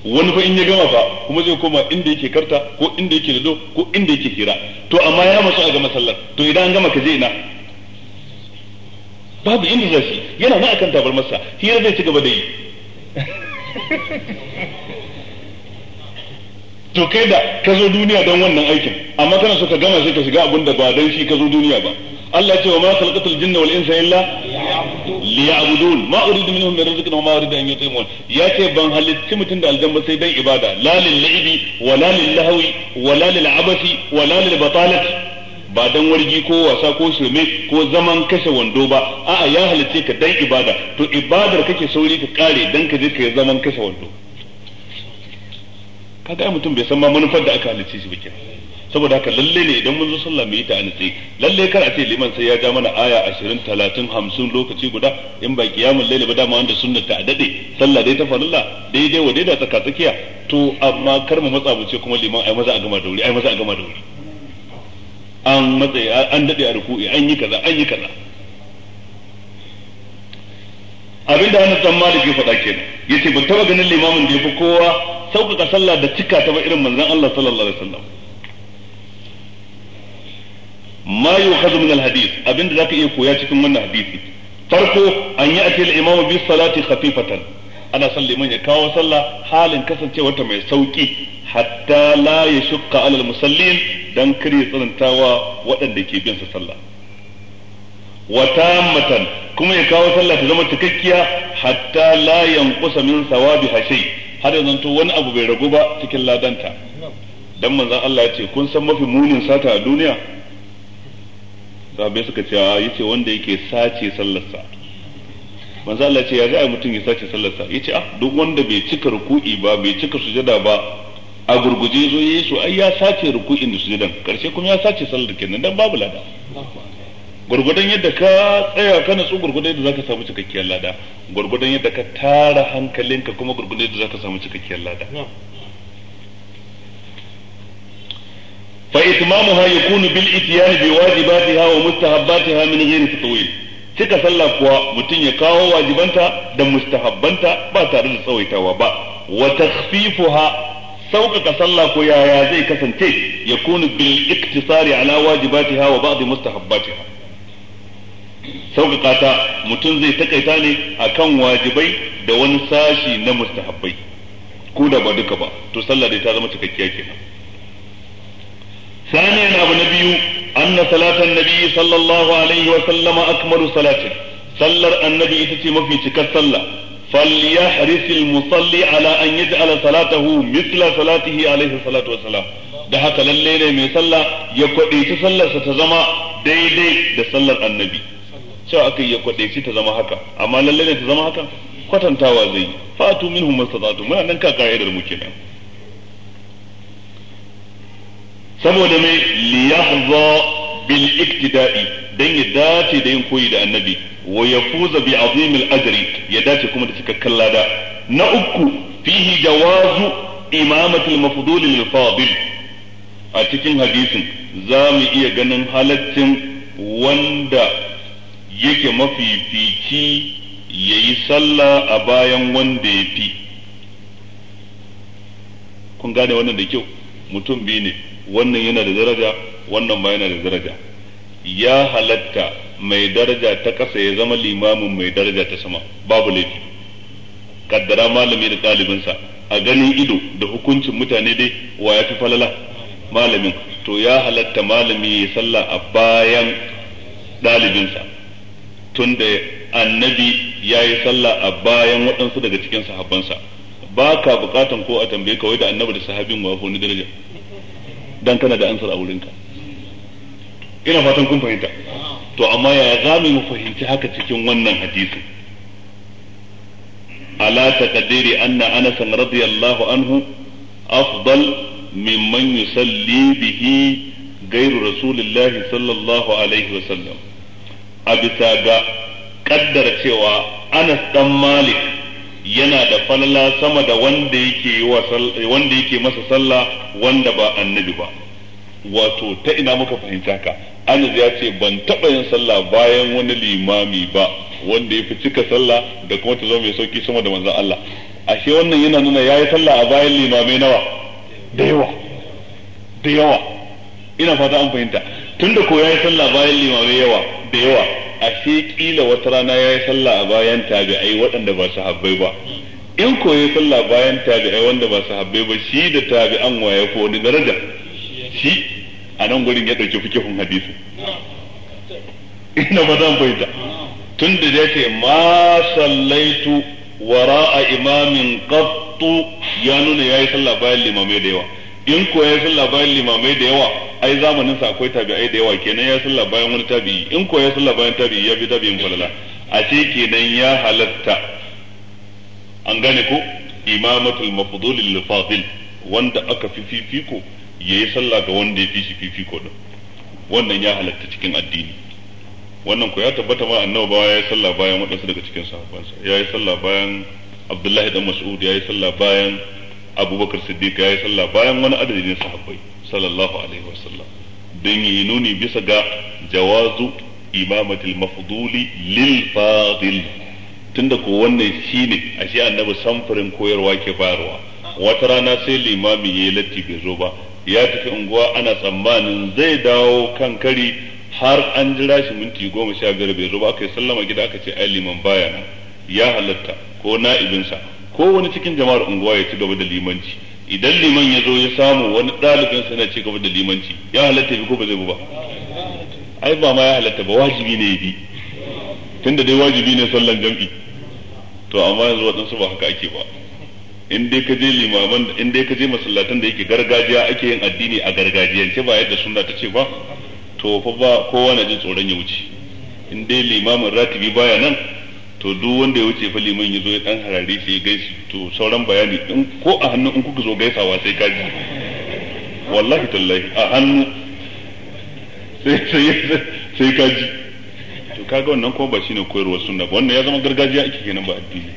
wani fa in ya gama fa kuma zai koma inda yake karta ko inda yake lido ko inda yake hira to amma ya mutu a gama sallar to idan an gama ka je ina babu inda za shi yana na akan tabarmarsa hira zai ci gaba da yi (laughs) to kai da ka zo duniya don wannan aikin amma kana so ka gama sai ka shiga abin da ba don shi ka zo duniya ba Allah ya ce wa ma khalaqatul jinna wal insa illa liya'budun ma uridu minhum min rizqin wa ma uridu an yut'imun ya ce ban halicci mutum da aljanna sai dan ibada la lil la'ibi wa la lil lahwi wa la lil abasi wa la lil batalati ba dan wargi ko wasa ko sume ko zaman kashe wando ba a'a ya halicce ka dan ibada to ibadar kake sauri ka kare dan ka je ka zaman kashe wando kaga mutum bai san ma manufar da aka halicce shi ba kenan saboda haka lalle ne idan mun zo sallah mu yi ta anitse lalle kar a ce liman sai ya ja mana aya 20 30 50 lokaci guda in ba kiyamul laili ba dama wanda sunnar ta dade sallah dai ta farilla daidai wa daidai tsaka tsakiya to amma kar mu matsa mu ce kuma liman ai maza a gama da wuri ai maza a gama da wuri an matsa an dade a ruku'i an yi kaza an yi kaza abinda hannun dan malik ya faɗa kenan yace ban taba ganin limamin da ya fi kowa sauƙaƙa sallah da cika ta ba irin manzon Allah sallallahu alaihi wasallam ma yukhadhu min alhadith abinda zaka iya koya cikin wannan hadisi farko an yi atil imam bi salati khafifatan ana son liman ya kawo sallah halin kasancewa ta mai sauki hatta la yashqa ala almusallin dan kar ya waɗanda ke bin sa sallah wa tammatan kuma ya kawo sallah ta zama cikakkiya hatta la yanqusa min sawabiha shay har yanzu to wani abu bai ragu ba cikin ladanta dan manzon Allah ya ce kun san mafi munin sata a duniya sahabbai suka ce yace wanda yake sace sallarsa manzo Allah ce ya ga mutum ya sace sallarsa yace ah duk wanda bai cika ruku'i ba bai cika sujada ba a gurguje zo yayi su ai ya sace ruku'in da sujadan karshe kuma ya sace sallar kenan dan babu lada gurgudan yadda ka tsaya ka natsu gurgudan yadda zaka samu cikakkiyar lada gurgudan yadda ka tara hankalinka kuma gurgudan yadda zaka samu cikakkiyar lada fa itmamuha yakunu bil ityan bi wajibatiha wa mustahabbatiha min ghairi tatwil cika sallah kuwa mutum ya kawo wajibanta da mustahabbanta ba tare da tsawaitawa ba wa takhfifuha sauƙaƙa sallah ko yaya zai kasance ya kuna bil iktisari ala wajibatiha wa ba'd mustahabbatiha sauƙaƙa ta mutum zai takaita ne akan wajibai da wani sashi na mustahabbai ko da ba duka ba to sallah dai ta zama cikakkiya kenan saniyan abu na biyu anna salatan nabi sallallahu alaihi wa sallama akmalu salatin sallar annabi ita ce mafi cikar salla فليحرص المصلي على أن يجعل صلاته مثل صلاته عليه الصلاة والسلام da haka lalle ne mai sallah ya kwadaici sallarsa ta zama daidai da sallar annabi cewa aka ya kwadaici ta zama haka amma lalle ne ta zama haka kwatantawa zai fatu minhum mastata'tum muna nan ka ka'idar mu kenan saboda mai liyahza bil iktida'i dan ya dace da yin koyi da annabi wa yafuza bi azimil ajri ya dace kuma da cikakken lada na uku fihi jawazu imamatul mafdul lil fadil a cikin hadisin za mu iya ganin halaccin wanda yake mafifici ya yi sallah a bayan wanda ya fi kun gane wannan da kyau mutum biyu ne wannan yana da daraja wannan ba yana da daraja ya halatta mai daraja ta kasa ya zama limamin mai daraja ta sama babu laifi kaddara malami da ɗalibinsa a ganin ido da hukuncin mutane dai wa ya fi falala malamin to ya halatta malami ya salla a bayan ɗalibinsa tunda annabi ya yi salla a bayan waɗansu daga cikin sahabbansa ba ka bukatan ko a tambaye kawai da annabi da sahabin wa ni daraja dan kana da ansar a wurinka ina fatan kun fahimta to amma yaya za mu fahimci haka cikin wannan hadisi ala taqdiri anna anas radiyallahu anhu afdal mimman yusalli bihi غير رسول الله صلى الله عليه وسلم أبتاغا قدر cewa Anas dan Malik yana da falala sama da wanda yake wanda yake masa sallah wanda ba annabi ba wato ta ina muka fahimta ka annabi ya ce ban taba yin sallah bayan wani limami ba wanda ya fi cika sallah da kuma ta zama mai sauki sama da manzon Allah ashe wannan yana nuna yayi sallah a bayan limamai nawa da yawa da yawa ina fata an fahimta tunda ko yayi sallah bayan limamai yawa da yawa a sai kila wata rana ya yi sallah a bayan tabi'ai waɗanda ba su habbai ba in ko ya sallah bayan tabi'ai wanda ba su habbai ba shi da tabi'an waye ko wani daraja shi a nan gurin ya ɗauki fikihun hadisi ina ba zan fahimta tun da ya ce ma sallaitu wara'a imamin qattu ya nuna ya yi sallah bayan limamai da yawa in ko ya san labarin limamai da yawa ai zamanin sa akwai tabi'ai da yawa kenan ya san labarin wani tabi'i in ko ya san labarin tabi'i ya bi tabi'in falala a ce kenan ya halatta an gane ko imamatul mafdul lil fadil wanda aka fi fifiko yayi sallah ga wanda ya fi shi fifiko din wannan ya halatta cikin addini wannan ko ya tabbata ma annabawa ya yi sallah bayan wadansu daga cikin sahabbansa ya yi sallah bayan Abdullahi dan Mas'ud ya yi sallah bayan abubakar siddiq ya yi sallah bayan wani adadi ne sahabbai sallallahu alaihi wasallam don yi nuni bisa ga jawazu imamatul mafduli lil fadil tunda ko wannan shine ashe annabi samfurin koyarwa ke bayarwa wata rana sai limami yayi latti bai zo ba ya tafi unguwa ana tsammanin zai dawo kan kari har an jira shi minti goma sha biyar bai zo ba aka yi sallama gida aka ce ai liman baya nan ya halatta ko na'ibinsa ko wani cikin jama'ar unguwa ya ci gaba da limanci idan liman ya zo ya samu wani ɗalibin sa yana ci gaba da limanci ya halatta bi ko ba zai bi ba ai ba ma ya halatta ba wajibi ne ya bi tunda dai wajibi ne sallan jam'i to amma yanzu waɗansu ba haka ake ba in dai ka je limaman in dai ka je masallatan da yake gargajiya ake yin addini a gargajiyance ba yadda sunna ta ce ba to fa ba kowa na jin tsoron ya wuce in dai limamin ratibi baya nan to duk wanda ya wuce fa liman yazo ya dan harare shi ya gaishe to sauran bayani in ko a hannu in kuka zo gaisawa sai ka ji wallahi tallahi a hannu sai sai sai ka ji to kaga wannan kuma ba shine koyarwar sunna ba wannan ya zama gargajiya ake kenan ba addini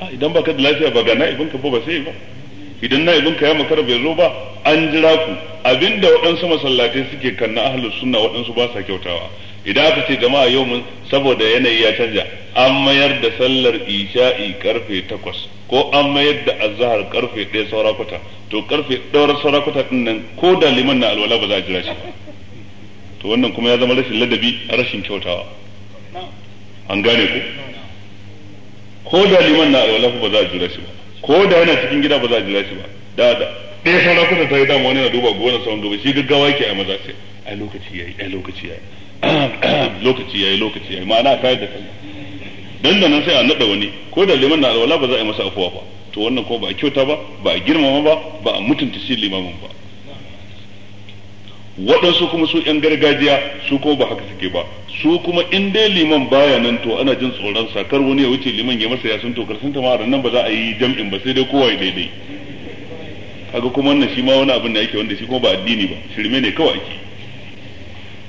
a idan baka da lafiya ba ga na'ibin ka ba sai ba idan na'ibin ka ya makara bai zo ba an jira ku abinda waɗansu masallatai suke kanna ahlus sunna waɗansu ba sa kyautawa idan aka ce jama'a yau mun saboda yanayi ya canja an mayar da sallar isha'i karfe takwas ko an mayar da azahar karfe ɗaya saura kwata to karfe ɗaura saura kwata ɗin nan ko da liman na alwala ba za a jira shi to wannan kuma ya zama rashin ladabi rashin kyautawa an gane ku ko da liman na alwala ba za a jira shi ba ko da yana cikin gida ba za a jira shi ba da da ɗaya saura kwata ta yi dama wani na duba gona sauran duba shi gaggawa yake a maza sai a lokaci yayi a lokaci yayi (coughs) lokaci yayi lokaci yayi ma'ana kayar da kai dan da nan sai a nada wani ko da liman na alwala ba za a yi masa afuwa ba to wannan ko ba a kyauta ba ba a girmama ba ba a mutunta shi limamin ba waɗansu kuma su ‘yan gargajiya su ko ba haka suke ba su kuma in dai liman baya nan to ana jin tsoron sakar wani ya wuce liman ya masa ya sun tokar sun tama nan ba za a yi jam'in ba sai dai kowa ya daidai kaga kuma wannan shi ma wani abin da yake wanda shi kuma ba addini ba shirme ne kawai ake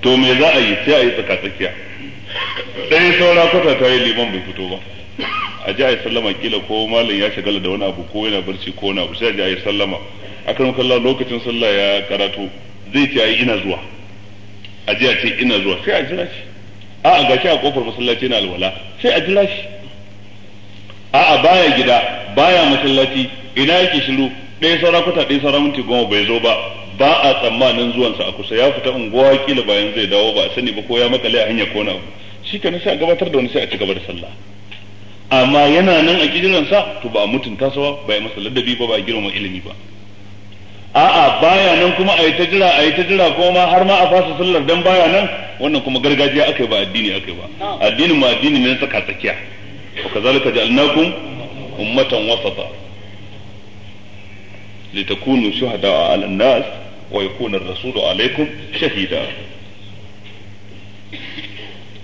to me za a yi sai a yi tsakatsakiya ɗaya saura kwata ta yi liman bai fito ba a ji a yi sallama kila ko malam ya shagala da wani abu ko yana barci ko wani abu sai a ji a yi sallama kan kalla lokacin sallah ya karatu zai ce yi ina zuwa a ji a ce ina zuwa sai a jira shi a a gashi a kofar masallaci na alwala sai a jira shi a a baya gida baya masallaci ina yake shiru ɗaya saura ɗaya saura goma bai zo ba ba a tsammanin zuwansa a kusa ya fita unguwa kila bayan zai dawo ba a sani ba ko ya makale a hanya ko na abu shi ka sai a gabatar da wani sai a ci gaba da sallah amma yana nan a sa to ba a mutunta sa ba ba masa ladabi ba ba a girma ilimi ba a'a baya nan kuma a yi ta jira a yi ta jira kuma ma har ma a fasa sallar dan baya nan wannan kuma gargajiya akai ba addini akai ba addinin ma addini ne na tsaka tsakiya wa kazalika ja'alnakum ummatan wasata litakunu shuhada ala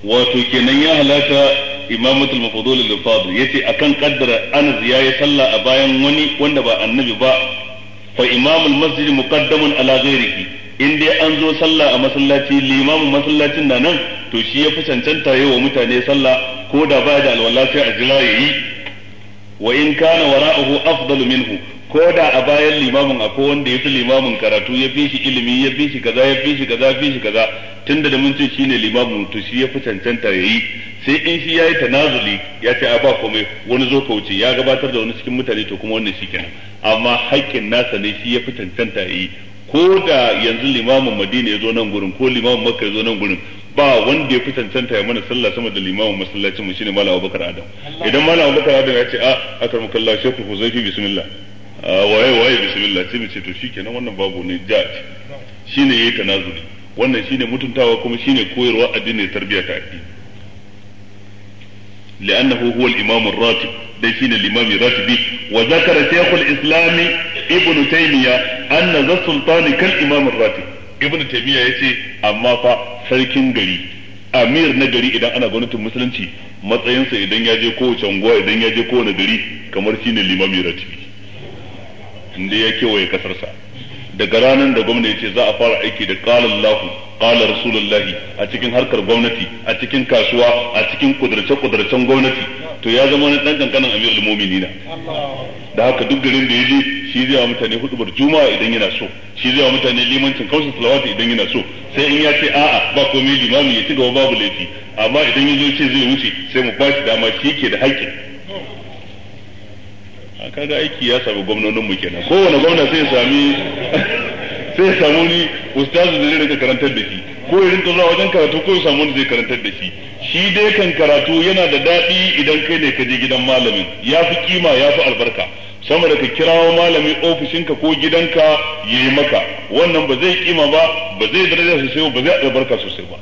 wato kenan ya halata imamatul mafudul lil fadl yace akan kaddara anas ya yi sallah a bayan wani wanda ba annabi ba fa imamul masjid muqaddamun ala ghairihi in dai an zo sallah a masallaci limamin masallacin na nan to shi ya fi cancanta yawa wa mutane sallah ko da ba da alwala sai a jira yayi wa in kana wara'ahu afdalu minhu ko da a bayan limamin akwai wanda ya fi limamin karatu ya fi shi ilimi ya fi shi kaza ya fi shi kaza fi shi kaza tunda da mun ce shine limamin to shi ya fi cancanta yayi sai in shi yayi tanazuli ya ce a ba komai wani zo ka wuce ya gabatar da wani cikin mutane to kuma wannan shikenan amma haƙƙin nasa ne shi ya fi cancanta yayi ko da yanzu limamin Madina ya zo nan gurin ko limamin Makka ya zo nan gurin ba wanda ya fi cancanta ya mana sallah sama da limamin masallacin mu shine Malam Abubakar Adam idan Malam Abubakar Adam ya ce a akarmukallahu shekhu huzaifi bismillah Aa ah, waye-waye bisimillah cewa ce to shi na wannan babu ne Ja'a? Shi ne Yaita Wannan shi ne mutuntawa kuma shi koyarwa addinai da addini ta'addi. Le'an na huhuwar imaman rati dai shi ne limamin rati bi. Wa zaƙarar teku islamic ebola ta yi Anna zan sultana kan imamin rati. Gwamnati ya miya ya ce amma fa sarkin gari. A miyar na gari idan ana gwamnati musulunci, matsayinsa idan ya je kowace unguwa idan ya je kowanne gari kamar shi ne limamin ratibi inda ya kewaye kasarsa daga ranar da gwamna ce za a fara aiki da kalan lahu kala rasulullahi a cikin harkar gwamnati a cikin kasuwa a cikin kudurce-kudurcen gwamnati to ya zama wani dan kankanin amirul na. da haka duk garin da ya je shi zai wa mutane hudubar juma'a idan yana so shi zai wa mutane limancin kausa salawati idan yana so sai in ya ce a'a ba komai limami ya ci gaba babu laifi amma idan ya zo ce zai wuce sai mu ba shi dama shi ke da haƙƙi kaga aiki ya sabu gwamnonin mu kenan kowane gwamna sai ya sami (laughs) sai ya samu ni ustazu da zai karantar da shi ko ya rinka zuwa wajen karatu ko ya samu wanda zai karantar da shi shi dai kan karatu yana da daɗi idan kai ne ka je gidan malamin ya fi kima ya fi albarka sama da ka kirawo malami ka ko gidanka ya yi maka wannan ba zai kima ba ba zai daraja sosai ba zai albarka sosai ba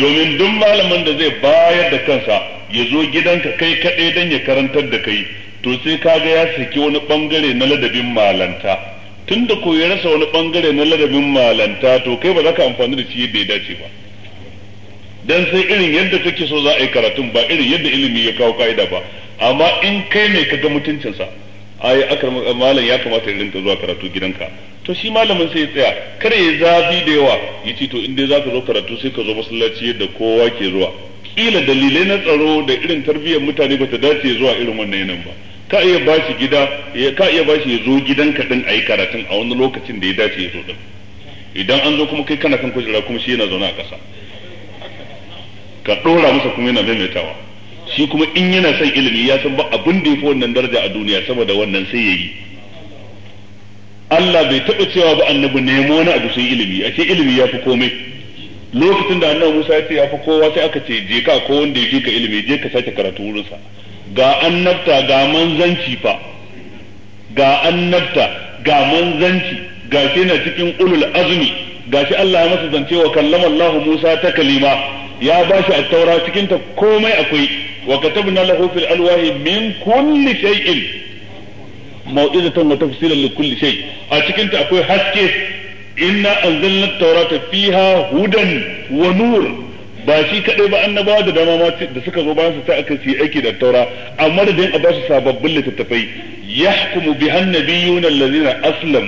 domin duk malamin da zai bayar da kansa ya zo gidanka kai kaɗai don ya karantar da kai to sai kaga ya saki wani bangare na ladabin malanta tunda ko ya rasa wani bangare na ladabin malanta to kai ba za ka amfani da shi yadda ya dace ba dan sai irin yadda kake so za a yi karatun ba irin yadda ilimi ya kawo ka'ida ba amma in kai ne ka ga mutuncinsa ai akar malam ya kamata ya rinka zuwa karatu gidanka to shi malamin sai ya tsaya kare ya zafi da yawa ya ce to in dai za ka zo karatu sai ka zo masallaci yadda kowa ke zuwa kila dalilai na tsaro da irin tarbiyyar mutane ba ta dace zuwa irin wannan yanayin ba ka iya ba shi gida ka iya ba shi ya zo gidanka din a yi karatun a wani lokacin da ya dace ya zo din idan an zo kuma kai kana kan kujera kuma shi yana zaune a ƙasa ka ɗora masa kuma yana maimaitawa shi kuma in yana son ilimi ya san ba abin da ya fi wannan daraja a duniya saboda wannan sai ya yi Allah bai taɓa cewa ba annabi nemo wani abu sai ilimi a ce ilimi ya fi komai lokacin da annabi Musa ya ce ya fi kowa sai aka ce je ka ko wanda ya fi ka ilimi je ka sake karatu wurinsa ga annabta ga manzanci fa ga annabta ga manzanci ga shi na cikin ulul azumi ga shi Allah ya masa zance wa kallama Allah Musa ta kalima ya ba shi taura cikin ta komai akwai wa katabna lahu fil alwahi min kulli shay'in mau'izatan wa tafsilan li kulli shay a cikin ta akwai haske inna anzalna at-taurata fiha hudan wa nur ba shi kadai ba annabawa da dama da suka zo bayan su ta aka yi aiki da taura amma da dan a ba su sababbin littattafai yahkumu bi annabiyuna allazina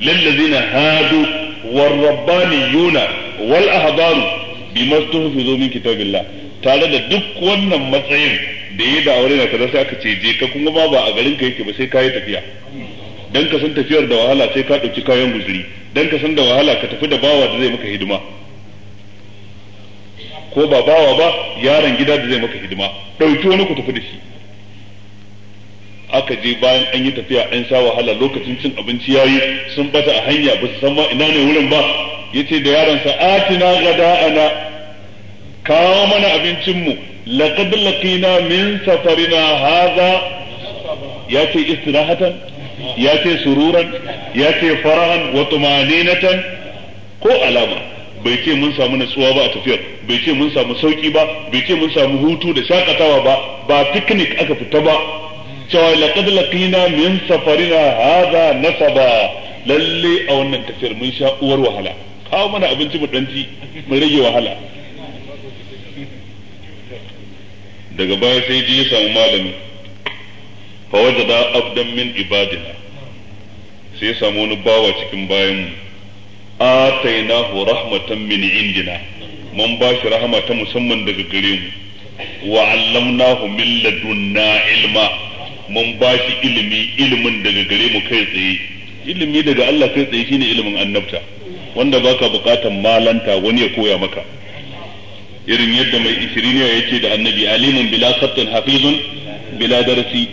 lil ladina hadu rabbaniyuna wal ahbaru bima tuhfizu min kitabillah tare da duk wannan matsayin da ya da aure na kaza sai aka ce je ka kuma ba ba a garin ka yake ba sai yi tafiya dan ka san tafiyar da wahala sai ka dauki kayan guzuri dan ka san da wahala ka tafi da bawa da zai maka hidima ko ba bawa ba yaron gida da zai maka hidima ɗauki wani ku tafi da shi aka je bayan an yi tafiya an sha wahala lokacin cin abinci yayi sun bata a hanya ba su san ma ina ne wurin ba yace da yaron sa atina gada'ana kawo mana abincin mu laqad laqina min safarina hadha yace istirahatan yace sururan yace farahan wa tumaninatan ko alama bai ce mun samu natsuwa ba a tafiyar bai ce mun samu sauki ba bai ce mun samu hutu da shakatawa ba ba picnic aka fita ba cewa laqad laqina min safarina hadha nasaba lalle a wannan tafiyar mun sha uwar wahala kawo mana abinci mu danci mu rage wahala daga baya sai ji ya samu malami fa wajada abdan min ibadina sai ya samu wani bawa cikin bayan mu atainahu rahmatan min indina mun ba shi rahama ta musamman daga gare mu wa allamnahu min ladunna ilma mun ba shi ilimi ilimin daga gare mu kai tsaye ilimi daga Allah kai tsaye shine ilimin annabta wanda baka bukatan malanta wani ya koya maka irin yadda mai ishiriniya ya ce da annabi alimun bila sattin hafizun bila darasi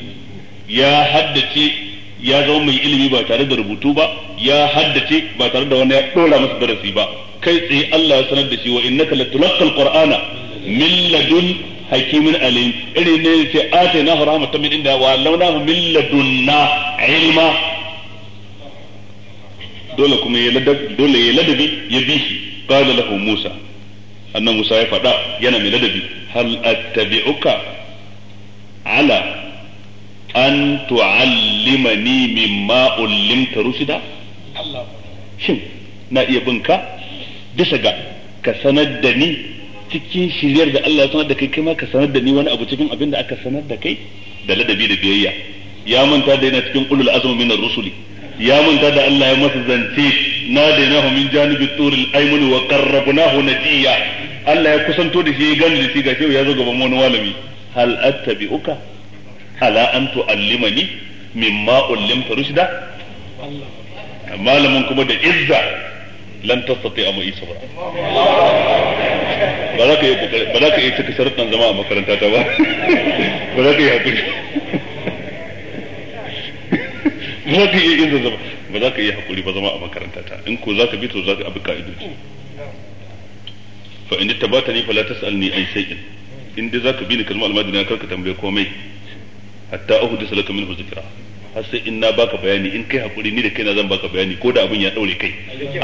ya haddace ya zama mai ilimi ba tare da rubutu ba ya haddace ba tare da wani ya dora masa darasi ba kai tsaye Allah ya sanar da shi wa innaka latulaqqal qur'ana min ladun hakimin alim irin ne ce atayna rahmatan min inda wa launa min ladunna ilma dole kuma ya ladabi dole ya ladabi ya bi shi qala lahu musa annan musa ya faɗa yana mai ladabi hal attabi'uka ala an tu'allimani mimma ullimta rushida shin na iya bin ka bisa ga ka sanar da ni cikin shiryar da Allah ya sanar da kai kai ma ka sanar da ni wani abu cikin abin da aka sanar da kai da ladabi da biyayya ya manta da yana cikin ulul azmi minar rusuli ya manta da Allah ya masa zance na da yana min janibi turil aymun wa qarrabnahu nadiya Allah ya kusanto da shi ya gani da shi yau ya zo gaban wani malami hal attabi'uka ala an tu'allimani mimma ullimta rushda malamin kuma da izza lan tastati amma isa ba ba za ka yi ba za ka yi cika sharuɗan zama a makaranta ta ba ba za ka yi haƙuri ba za ka yi izza zama ba za ka yi hakuri ba zama a makaranta ta in ko za ka bi to za ka abi ka'idoji fa in bata ni fa fala tasalni ay shay'in in dai za ka bi ni kalmar almadina karka ka tambaye komai hatta da salaka minhu zikra har sai in na baka bayani in kai hakuri ni da na zan baka bayani ko da abin ya daure kai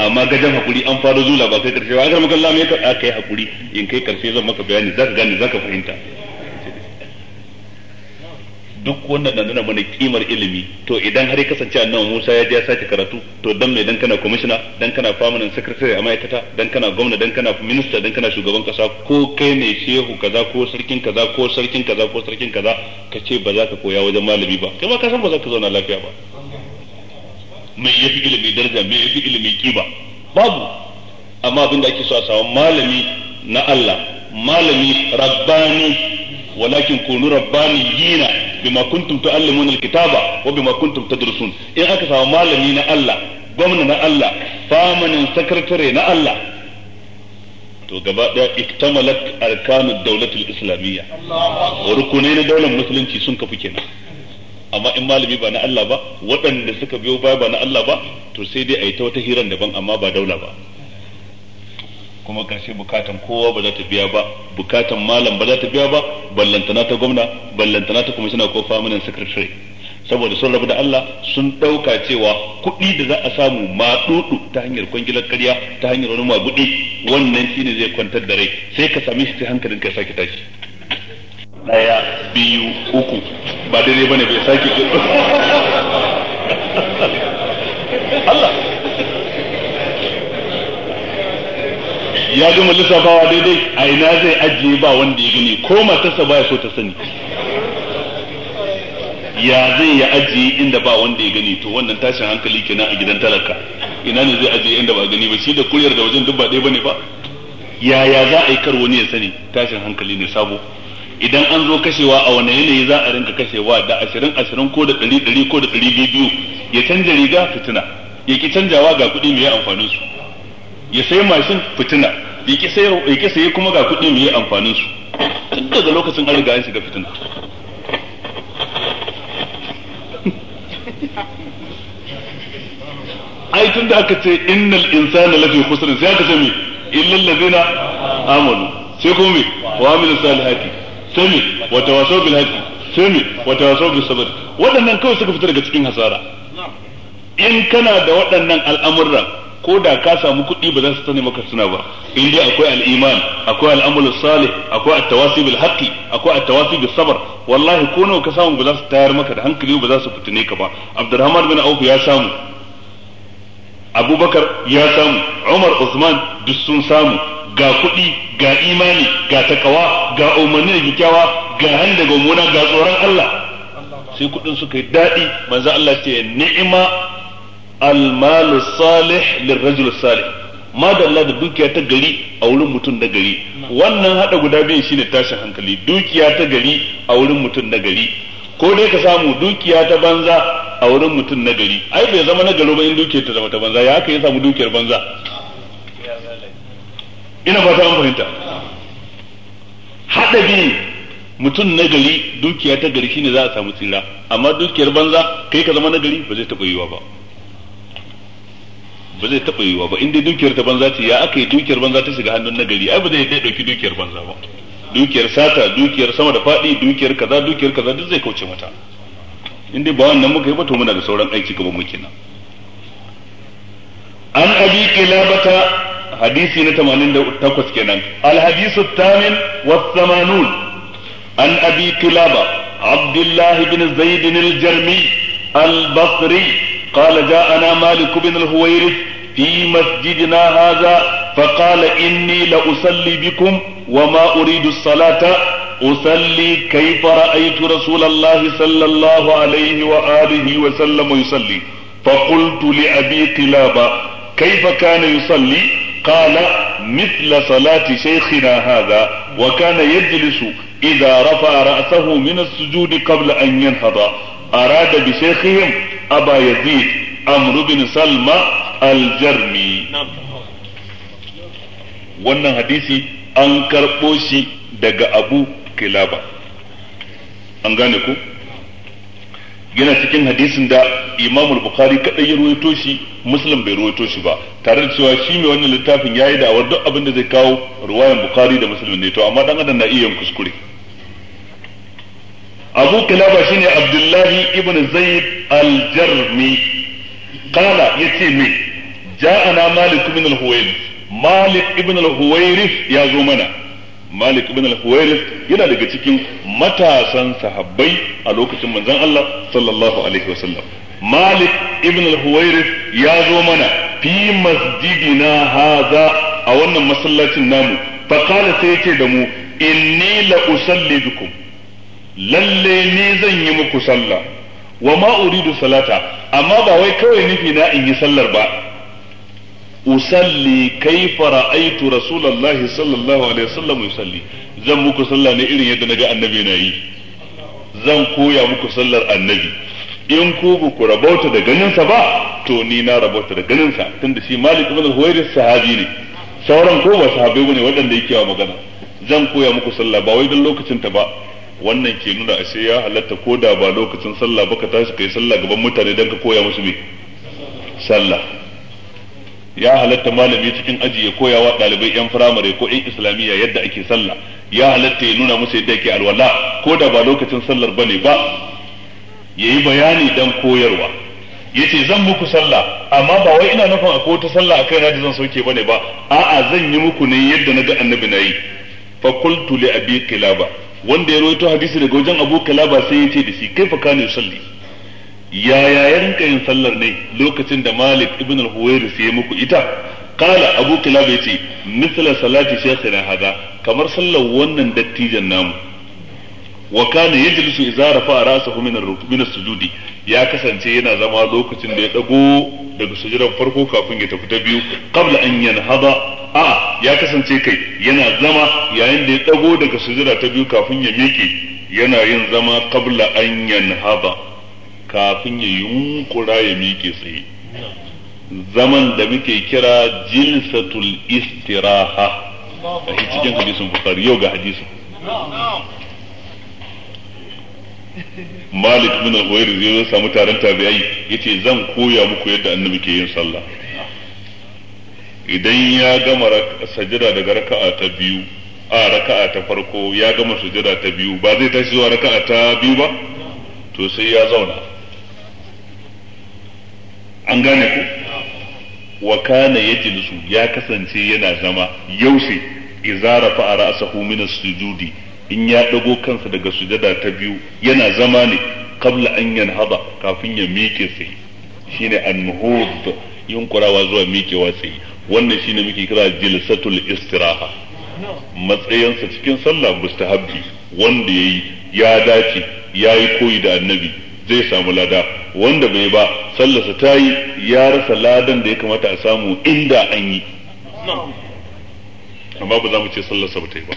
amma gajan hakuri an fara zula ba kai karshe ba akar maka Allah me ka kai hakuri in kai karshe zan maka bayani zaka gane zaka fahimta duk wannan na nuna mana kimar ilimi to idan har ya kasance annabi Musa ya je ya sake karatu to dan me dan kana commissioner dan kana permanent secretary a ma'aikata dan kana gwamna dan kana minister dan kana shugaban kasa ko kai ne shehu kaza ko sarkin kaza ko sarkin kaza ko sarkin kaza ka ce ba za ka koya wajen malami ba kai ma ka san ba za ka zauna lafiya ba me yafi ilimi daraja me yafi ilimi kiba babu amma abin da ake so a samu malami na Allah malami rabbani walakin kunu rabbaniyina bima kuntum tuallimuna alkitaba wa bima kuntum tadrusun in aka samu malami na Allah gwamna na Allah famanin sakratare na Allah to gaba daya iktamalat arkanu dawlatul islamiyya rukunai na daular musulunci sun kafu kenan amma in malami ba na Allah ba waɗanda suka biyo baya ba na Allah ba to sai dai a yi ta wata hirar daban amma ba daula ba kuma karshe bukatan kowa ba za ta biya ba bukatan malam ba za ta biya ba ballantana ta gwamna ballantana ta kuma suna ko faminan secretary saboda sun rabu da Allah sun ɗauka cewa kuɗi da za a samu maɗuɗu ta hanyar kwangilar karya ta hanyar wani maguɗi wannan ne zai kwantar da rai sai ka same shi sai hankalin ka sake tashi ɗaya biyu uku ba daidai bane bai sake (laughs) Allah ya mu lissafawa daidai a ina zai ajiye ba wanda ya gani ko matarsa baya so ta sani ya zai ya ajiye inda ba wanda ya gani to wannan tashin hankali kenan a gidan talaka ina ne zai ajiye inda ba gani ba shi da kuryar da wajen duk ba ɗaya bane ba yaya za a yi kar wani ya sani tashin hankali ne sabo idan an zo kashewa a wani yanayi za a rinka kashewa da ashirin ashirin ko da ɗari ɗari ko da ɗari biyu biyu ya canja riga fitina ya ki canjawa ga kuɗi mai amfanin su ya sai mashin fitina ya ki saye kuma ga kuɗin ya yi amfanin su tun daga lokacin an riga an shiga fitina ai tun da aka ce innal insana lafi khusr sai aka ce me illal ladina amanu sai kuma me wa amilu salihati sai me wa tawasaw bil haqqi sai me wa tawasaw bis sabr waɗannan kawai suka fita daga cikin hasara in kana da waɗannan al'amuran ko da ka samu kuɗi ba za su sani maka suna ba in dai akwai al'iman akwai al'amul salih akwai at-tawasi bil haqqi akwai at-tawasi bis sabr wallahi ko nawa ka samu ba za su tayar maka da hankali ba za su fitine ka ba Abdurrahman bin Auf ya samu Abubakar ya samu Umar Usman duk sun samu ga kuɗi ga imani ga takawa ga umarni da kyakkyawa ga hannu ga ga tsoron Allah sai kuɗin suka yi daɗi manzo Allah ce ni'ima almalu salih lirrajul salih madalla da dukiya ta gari a wurin mutum na gari wannan hada guda biyu shine tashin hankali dukiya ta gari a wurin mutum na gari ko dai ka samu dukiya ta banza a wurin mutum na gari ai bai zama na garo ba in dukiyar ta zama ta banza ya haka yi samu dukiyar banza ina fata an fahimta hada biyu mutum na gari dukiya ta gari shine za a samu tsira amma dukiyar banza kai ka zama na gari ba zai taɓa yiwa ba ba zai taɓa yiwa ba in dukiyar ta banza ce ya aka yi dukiyar banza ta shiga hannun nagari ai ba zai dai ɗauki dukiyar banza ba dukiyar sata dukiyar sama da faɗi dukiyar kaza dukiyar kaza duk zai kauce mata inda dai ba wannan muka yi ba to muna da sauran aiki gaban muke nan. an abi kilabata hadisi na 88 kenan al hadisu tamin wa 80 an abi kilaba abdullahi bin zaid jarmi al qala ja'ana malik ibn al-huwairis fi masjidina hadha fa qala inni la usalli bikum wa ma uridu as-salata usalli kayfa ra'aytu rasulallahi sallallahu alayhi wa alihi wa sallam yusalli fa qultu li abi qilaba kayfa kana yusalli qala مثل صلاة شيخنا هذا وكان يجلس إذا رفع رأسه من السجود قبل أن ينهض أراد بشيخهم أبا يزيد أمر بن سلمى الجرمي wannan hadisi an karɓo shi daga abu kilaba an gane ku yana cikin hadisin da imam bukhari kadai ya ruwaito shi muslim bai ruwaito shi ba tare da cewa shi mai wannan littafin ya yi da duk abin da zai kawo ruwayan bukhari da muslim ne to amma dan adam na iya yin kuskure abu kilaba shine abdullahi ibn zaid al-jarmi qala yace me ja'ana malik ibn al-huwayris malik ibn al-huwayris ya zo mana malik ibn al-huwayris yana daga cikin matasan sahabai a lokacin manzon Allah sallallahu alaihi wasallam malik ibn al-huwayris ya zo mana fi na haza a wannan masallacin namu fa sai yace da mu inni la lalle ne zan yi muku sallah wa ma uridu salata amma ba wai kawai nufi na in yi sallar ba usalli kaifa ra'aitu rasulullahi sallallahu alaihi wasallam yusalli zan muku sallah ne irin yadda naga annabi na yi zan koya muku sallar annabi in ku ba ku rabauta da ganinsa ba to ni na rabauta da ganinsa tunda shi malik ibn huwairis sahabi ne sauran ko ba sahabbai bane waɗanda yake wa magana zan koya muku sallah ba wai dan lokacin ta ba wannan ke nuna ashe ya halatta ko da ba lokacin sallah ba ka tashi kai sallah gaban mutane don ka koya musu me sallah ya halatta malami cikin aji ya koya wa ɗalibai yan firamare ko yan islamiyya yadda ake sallah ya halatta ya nuna musu yadda ake alwala ko da ba lokacin sallar bane ba ya yi bayani dan koyarwa Ya ce zan muku sallah amma ba wai ina nufin akwai wata sallah akai na da zan ba bane ba a'a zan yi muku ne yadda na ga annabi yi. fa qultu li abi kilaba. wanda ya rawaito hadisi daga wajen Abu Kalaba sai ya ce da shi kaifa kana yusalli yaya ya rinka yin sallar ne lokacin da Malik ibn al-Huwairis ya muku ita kala Abu Kalaba ce misla salati shaykhina hada kamar sallar wannan dattijan namu wa kana yajlisu idza rafa ra'sahu min ar sujudi ya kasance yana zama lokacin da ya dago daga sujudar farko kafin ya tafi ta biyu qabla an yanhada a ya kasance kai yana zama yayin da ya dago daga sujudar ta biyu kafin ya miƙe yana yin zama qabla an yanhada kafin ya yunkura ya miƙe tsaye zaman da muke kira jilsatul istiraha a cikin hadisin bukhari yau ga hadisin malik bin al-huwairi zai zo samu taron tabi'ai yace zan koya muku yadda annabi ke yin sallah idan ya gama sajada daga raka'a ta biyu a raka'a ta farko ya gama sajada ta biyu ba zai tashi zuwa raka'a ta biyu ba to sai ya zauna an gane ku wa kana yajlisu ya kasance yana zama yaushe izara a ra'sahu min as-sujudi in ya ɗago kansa daga sujada ta biyu yana zama ne kabla an yanhada kafin ya miƙe sai ne an yunkurawa zuwa miƙewa sai wannan ne muke kira jilsatul istiraha matsayinsa cikin sallah mustahabbi wanda ya yi ya dace ya yi koyi da annabi zai samu lada wanda bai ba sallarsa ta yi ya rasa ladan da ya kamata a samu inda an yi amma ba za mu ce sallarsa ba ta yi ba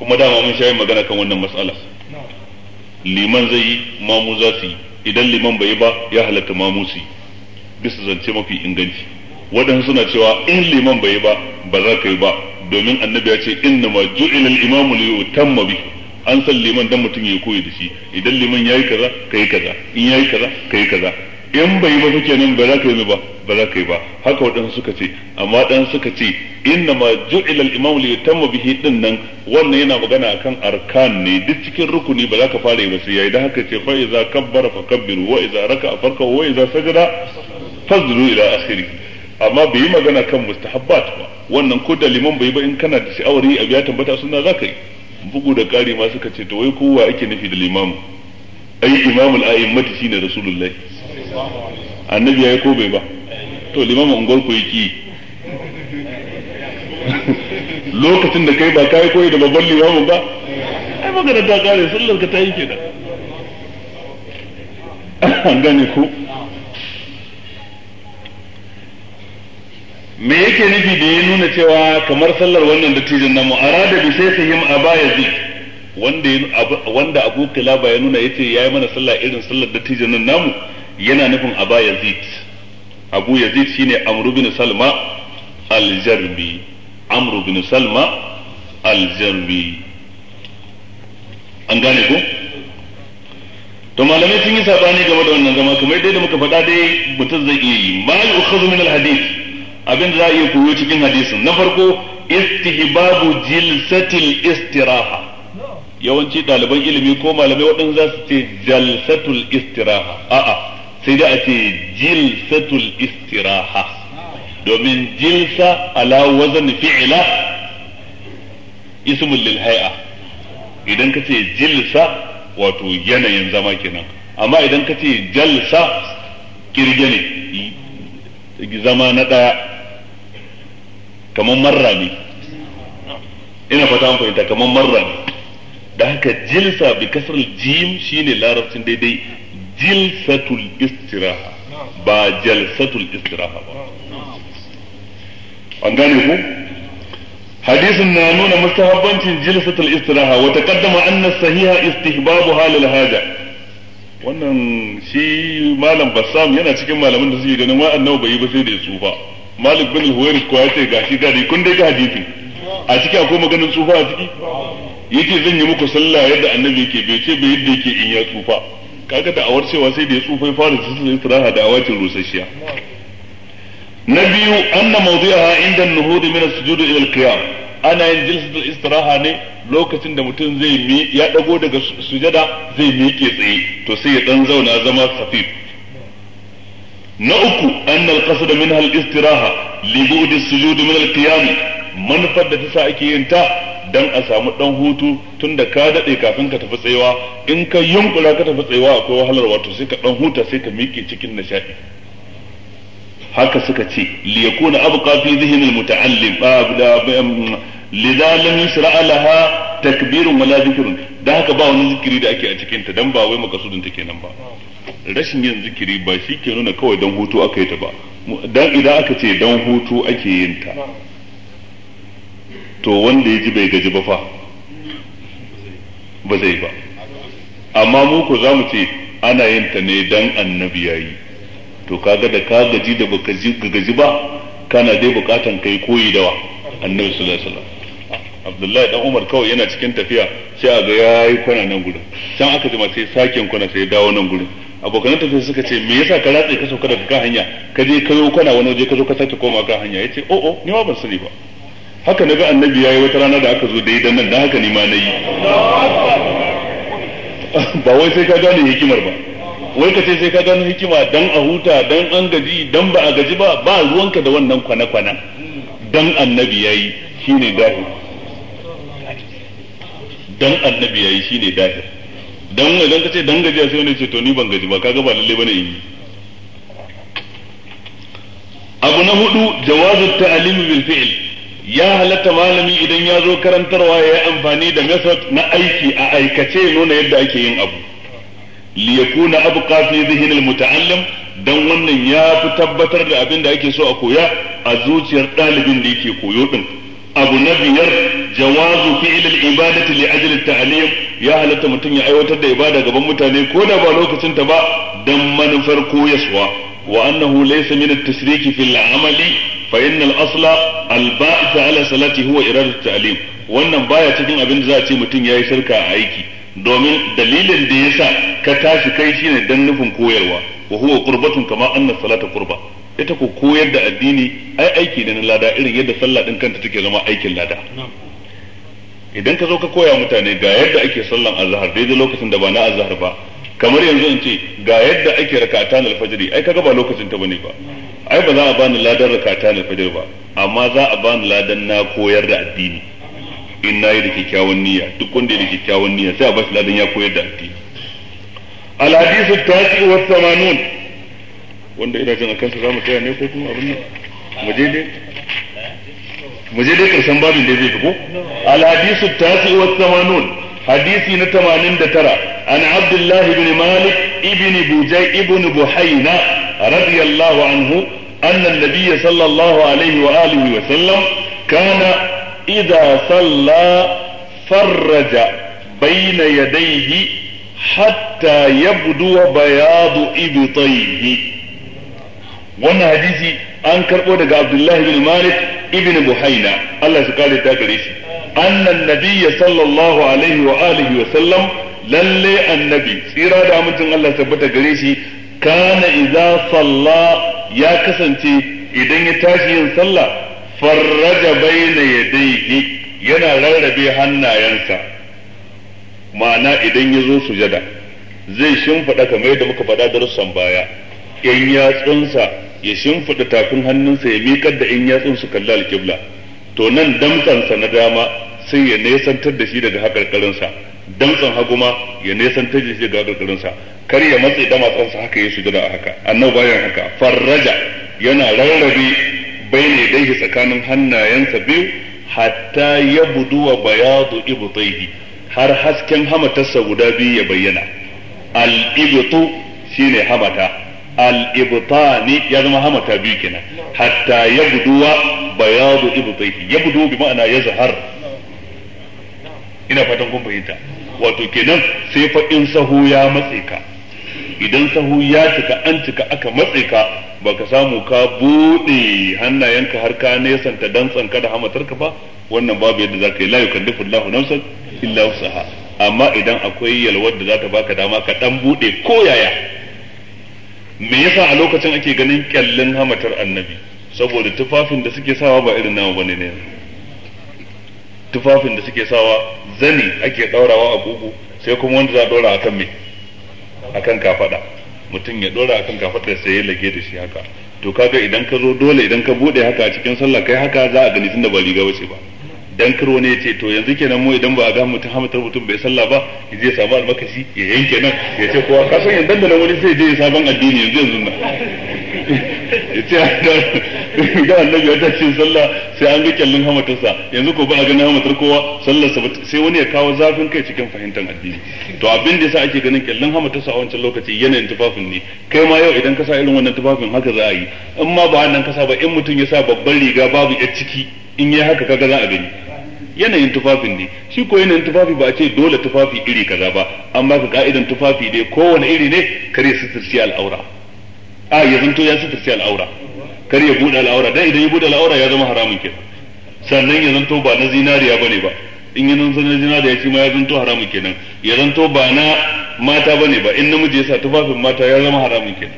kuma dama mun shayi magana kan wannan matsala liman zai yi mamu za su yi idan liman bai yi ba ya halatta mamu su yi bisa zance mafi inganci waɗansu suna cewa in liman bai yi ba ba za ka yi ba domin annabi ya ce inna ma ju'ila al-imamu li yutamma bi an san liman dan mutum ya koyi da shi idan liman yayi kaza kai kaza in yayi kaza kai kaza in bai ba kake nan ba za ka yi ba ba za ka yi ba haka waɗansu suka ce amma ɗan suka ce inna ma ju'ila al-imam li yatamma bihi din nan wannan yana magana akan arkan ne duk cikin rukuni ba za ka fara yi ba sai yayi dan haka ce fa iza kabbara fa kabbiru wa iza raka'a farka'u wa iza sajada fazlu ila akhiri amma bai magana kan mustahabbat ba wannan ko da liman bai ba in kana da sha'awar a abu ya tabbata sunna za ka yi bugu da ƙari ma suka ce to wai kowa ake nufi da limamu ai imamul a'immati shine rasulullahi annabi yayi ko bai ba to limamin unguwar ku yake lokacin da kai ba kai koyi da babban limamin ba ai magana ta kare sallar ka ta yi da. an gane ku. me yake nufi da ya nuna cewa kamar sallar wannan dattijan namu rada bi sai sahim yin abaya wanda wanda abu ba ya nuna ya ce ya yi mana sallah irin sallar dattijan nan namu yana nufin aba yazid abu yazid shine amru bin salma al-jarmi amru bin salma al-jarmi an gane ko to malamai sun yi sabani game da wannan zama kamar dai da muka faɗa dai mutum zai iya yi ma yi ukhadhu min al-hadith abin da za a iya koyo cikin hadisin na farko istihbabu jilsatil istiraha yawanci ɗaliban ilimi ko malamai waɗanda za su ce jalsatul istiraha a'a sai dai a ce jilsatul istiraha domin jilsa ala wazan fi'ila ismul lil hay'a idan ka ce jilsa wato yanayin zama kenan amma idan ka ce jalsa kirge ne zama na ɗaya kamar marra ne ina fata an fahimta kamar marra ne da haka jilsa bi kasar jim shine larabcin daidai jilsatul istiraha ba jalsatul istiraha ba an gane ku hadisin na nuna mustahabbancin jilsatul istiraha wa taqaddama anna sahiha istihbabuha lil haja wannan shi malam bassam yana cikin malaman da suke ganin wa'annan bai yi ba sai da ya tsufa malik bin al-huwairis ko ya ce gashi gari kun dai ga hadisin a ciki akwai maganin tsufa a ciki yake zan yi muku sallah yadda annabi yake bai ce bai yadda yake in ya tsufa kaga da awar cewa sai da ya tsufa ya fara jisun istiraha da awacin rusasshiya na biyu anna mawdi'aha inda an-nuhud min as-sujud ila al-qiyam ana yin jilsatul istiraha ne lokacin da mutum zai mi ya dago daga sujada zai miƙe tsaye to sai ya dan zauna zama safif na uku anna al-qasd minha al-istiraha li bu'd as min al-qiyam manufar da ta sa ake yin ta dan a samu dan hutu tunda ka daɗe kafin ka tafi tsayawa in ka yunkura ka tafi tsayawa akwai wahalar wato sai ka dan huta sai ka miƙe cikin nishaɗi. haka suka ce li yakuna abqa fi dhihni almutaallim ah, um, lidha lam yusra laha takbirun wala dhikrun da haka ba wani zikiri da ake a cikin ta dan ba wai makasudin ta nan ba rashin yin zikiri ba shi ke nuna kawai dan hutu aka yi ta ba dan idan aka ce dan hutu ake yin ta to wanda ya ji bai gaji ba fa ba zai ba amma mu ko za mu ce ana yin ta ne dan annabi yayi to kaga da ka gaji da baka ji gaji ba kana dai bukatan kai koyi da wa annabi sallallahu alaihi wasallam Abdullahi dan Umar kawai yana cikin tafiya sai a ga yayi kwana nan gurin can aka ma sai sakin kwana sai dawo nan gurin abokan tafiya suka ce me yasa ka ratse ka sauka daga kan hanya ka je ka yi kwana wani waje ka zo ka sake koma kan hanya yace o oh, o oh, ni ma ban sani ba haka na bi annabi yayi wata rana da aka zo da idan nan dan haka ni ma nayi ba wai sai ka gane hikimar ba wai ka ce sai ka gane hikima dan a huta dan an gaji dan ba a gaji ba ba ruwanka da wannan kwana-kwana dan annabi yayi shine dahi dan annabi yayi shine dahi dan wai dan kace dan gajiya sai wani ce to ni ban gaji ba kaga ba lalle bane in yi abu na hudu jawazu ta'limi bil fi'l ya halatta malami idan ya zo karantarwa ya yi amfani da method na aiki a aikace nuna yadda ake yin abu liyakuna abu kafi zihin almutaallim don wannan ya fi tabbatar da abin da ake so a koya a zuciyar ɗalibin da yake koyo ɗin. abu na biyar jawazu fi ilil ibadati li ajli at ya halatta mutum ya aiwatar da ibada gaban mutane ko da ba lokacin ta ba dan manufar koyaswa wa annahu laysa min at-tashriki fil amali fa asla al ba'th ala salati huwa ta'lim wannan baya cikin abin da za a ce mutum ya yi shirka a aiki domin dalilin da ya sa ka tashi kai shine dan nufin koyarwa wa huwa qurbatun kama anna salata qurba ita ko koyar da addini ai aiki ne na lada irin yadda sallah din kanta take zama aikin lada idan ka zo ka koya mutane ga yadda ake sallan azhar daidai lokacin da ba na azhar ba kamar yanzu in ce ga yadda ake raka'atan alfajiri ai kaga ba lokacin ta bane ba ai ba za a bani ladan rakata na fajr ba amma za a bani ladan na koyar da addini in na yi da kyakkyawan niyya duk wanda ya da kyakkyawan niyya sai a bashi ladan ya koyar da addini al hadisu tasi wa tamanun wanda ina jin akan sa za mu tsaya ne ko kuma abin nan mu je dai mu je dai karshen babin da zai fi ko al hadisu tasi wa tamanun حديثي نتمانين دترى عن عبد الله بن مالك ابن بوجي ابن بحينة رضي الله عنه أن النبي صلى الله عليه وآله وسلم كان إذا صلى فرج بين يديه حتى يبدو بياض إبطيه wannan hadisi an karɓo daga Abdullahi bin Malik ibn Buhaina Allah su kare ta gare shi annan nabiyya sallallahu alaihi wa alihi wa sallam lalle annabi tsira da amincin Allah tabbata gare shi kana idza salla ya kasance idan ya tashi yin sallah farraja baina yadayhi yana rarrabe hannayensa ma'ana idan ya zo sujada zai shimfiɗa kamar yadda muka faɗa darussan baya in yatsunsa ya shimfiɗa tafin hannunsa ya miƙar da in yatsun su kalli alƙibla to nan damtsansa na dama sai ya nesantar da shi daga haƙarƙarinsa dantsan hagu ma ya nesan ta shi ga gargarin sa kar ya matse da matsansa haka ya sujada a haka annabi bayan haka farraja yana rarrabe baine dai tsakanin hannayensa biyu hatta wa bayadu ibtaihi har hasken hamatarsa guda biyu ya bayyana al-ibtu shine hamata al-ibtani ya zama hamata biyu kenan hatta wa bayadu ya budu bi ma'ana ya zahar. ina fatan kun fahimta wato kenan sai fa in sahu ya matse ka idan sahu ya cika an cika aka matse ka baka samu ka bude hannayenka har ka nesanta dantsan tsanka da hamatarka ba wannan babu yadda zaka yi la yukallifu Allahu nafsan illa wusaha amma idan akwai yalwar da zata baka dama ka dan bude ko yaya me yasa a lokacin ake ganin kyallin hamatar annabi saboda tufafin da suke sawa ba irin nawa bane ne tufafin da suke sawa zani ake ɗaurawa a gugu sai kuma wanda za a ɗora akan me akan kafada mutum ya ɗora akan kafada sai ya lage da shi haka to kaga idan ka zo dole idan ka bude haka cikin sallah kai haka za a gani tunda ba riga bace ba dan karo ne ce to yanzu kenan mu idan ba a ga mutum hamatar mutum bai sallah ba yaje ya samu almakashi ya yanke nan ya ce kowa ka san yanzu da wani sai je sabon addini yanzu yanzu nan (laughs) ya (laughs) idan annabi ya tashi sallah sai an ga kyallin hamatarsa yanzu ko ba a ganin hamatar kowa sallar sa sai wani ya kawo zafin kai cikin fahimtar addini to abin da yasa ake ganin kyallin hamatarsa a wancan lokaci yanayin tufafin ne kai ma yau idan ka sa irin wannan tufafin haka za a yi in ma ba wannan kasa ba in mutum ya sa babban riga babu ƴar ciki in yayi haka kaga za a gani yanayin tufafin ne shi ko yanayin tufafi ba a ce dole tufafi iri kaza ba an ka ka'idan tufafi dai kowane iri ne kare suturci al'aura a ya zanto ya sutur al'aura kar ya buɗe al'aura dan idan ya buɗe al'aura ya zama haramun kenan sannan ya zanto ba na zinariya bane ba in ya zanto na zinariya shi ma ya zanto haramun kenan ya zanto ba na mata bane ba in namiji ya sa tufafin mata ya zama haramun kenan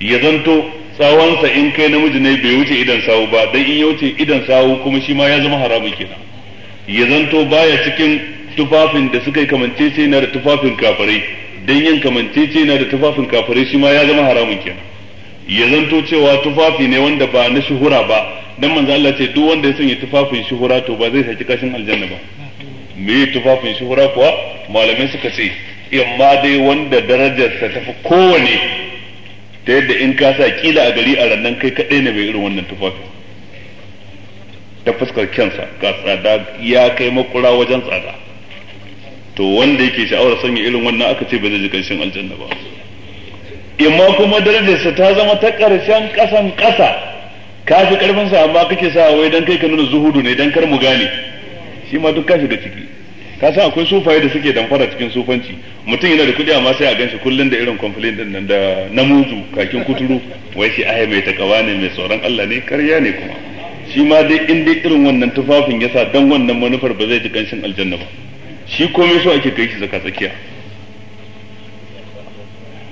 ya zanto tsawonsa in kai namiji ne bai wuce idan sawu ba dan in ya wuce idan sawu kuma shi ma ya zama haramun kenan ya zanto baya cikin tufafin da suka yi kamancece na da tufafin kafirai dan yin kamancece na da tufafin kafirai shi ma ya zama haramun kenan ya zanto cewa tufafi ne wanda ba na shuhura ba dan manzo Allah ce duk wanda ya sanya tufafin shuhura to ba zai saki kashin aljanna ba me tufafin shuhura kuwa malamai suka ce imma dai wanda darajarsa tafi kowane ta yadda in ka sa kila a gari a rannan kai kaɗai ne bai irin wannan tufafi ta fuskar kyansa ga tsada ya kai makura wajen tsada to wanda yake sha'awar sanya irin wannan aka ce ba zai ji kashin aljanna ba imma kuma darajarsa ta zama ta ƙarshen ƙasan ƙasa ka fi ƙarfinsa amma kake sa wai dan kai ka nuna zuhudu ne dan kar mu gane shi ma duk ka shiga ciki ka san akwai sufaye da suke damfara cikin sufanci mutum yana da kuɗi amma sai a ganshi kullum da irin complain din nan da namuzu kakin kuturu wai shi ahe mai takawa ne mai tsoron Allah ne karya ne kuma shi ma dai in dai irin wannan tufafin yasa dan wannan manufar ba zai ji ganshin aljanna ba shi komai so ake kai shi zaka tsakiya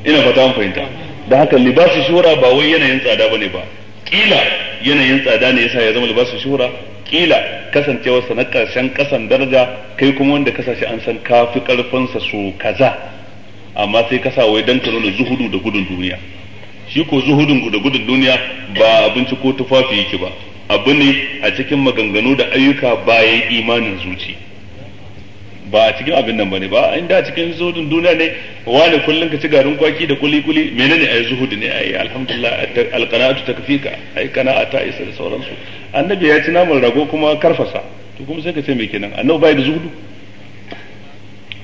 ina fata an fahimta da haka libasu shura ba wai yanayin tsada bane ba kila yanayin tsada ne yasa ya zama libasu shura kila kasancewarsa na karshen kasan daraja kai kuma wanda kasashe an san kafi sa so kaza amma sai kasa wai dan ka nuna zuhudu da gudun duniya shi ko zuhudun da gudun duniya ba abinci ko tufafi yake ba abu ne a cikin maganganu da ayyuka bayan imanin zuciya ba a cikin abin nan bane ba in da cikin zuhudin duniya ne wani kullun ka ci garin kwaki da kuli kuli menene ai zuhudi ne ai alhamdulillah alqana'atu takfika ai qana'a ta isa da sauransu annabi ya ci namun rago kuma karfasa to kuma sai ka ce me kenan annabi bai da zuhudu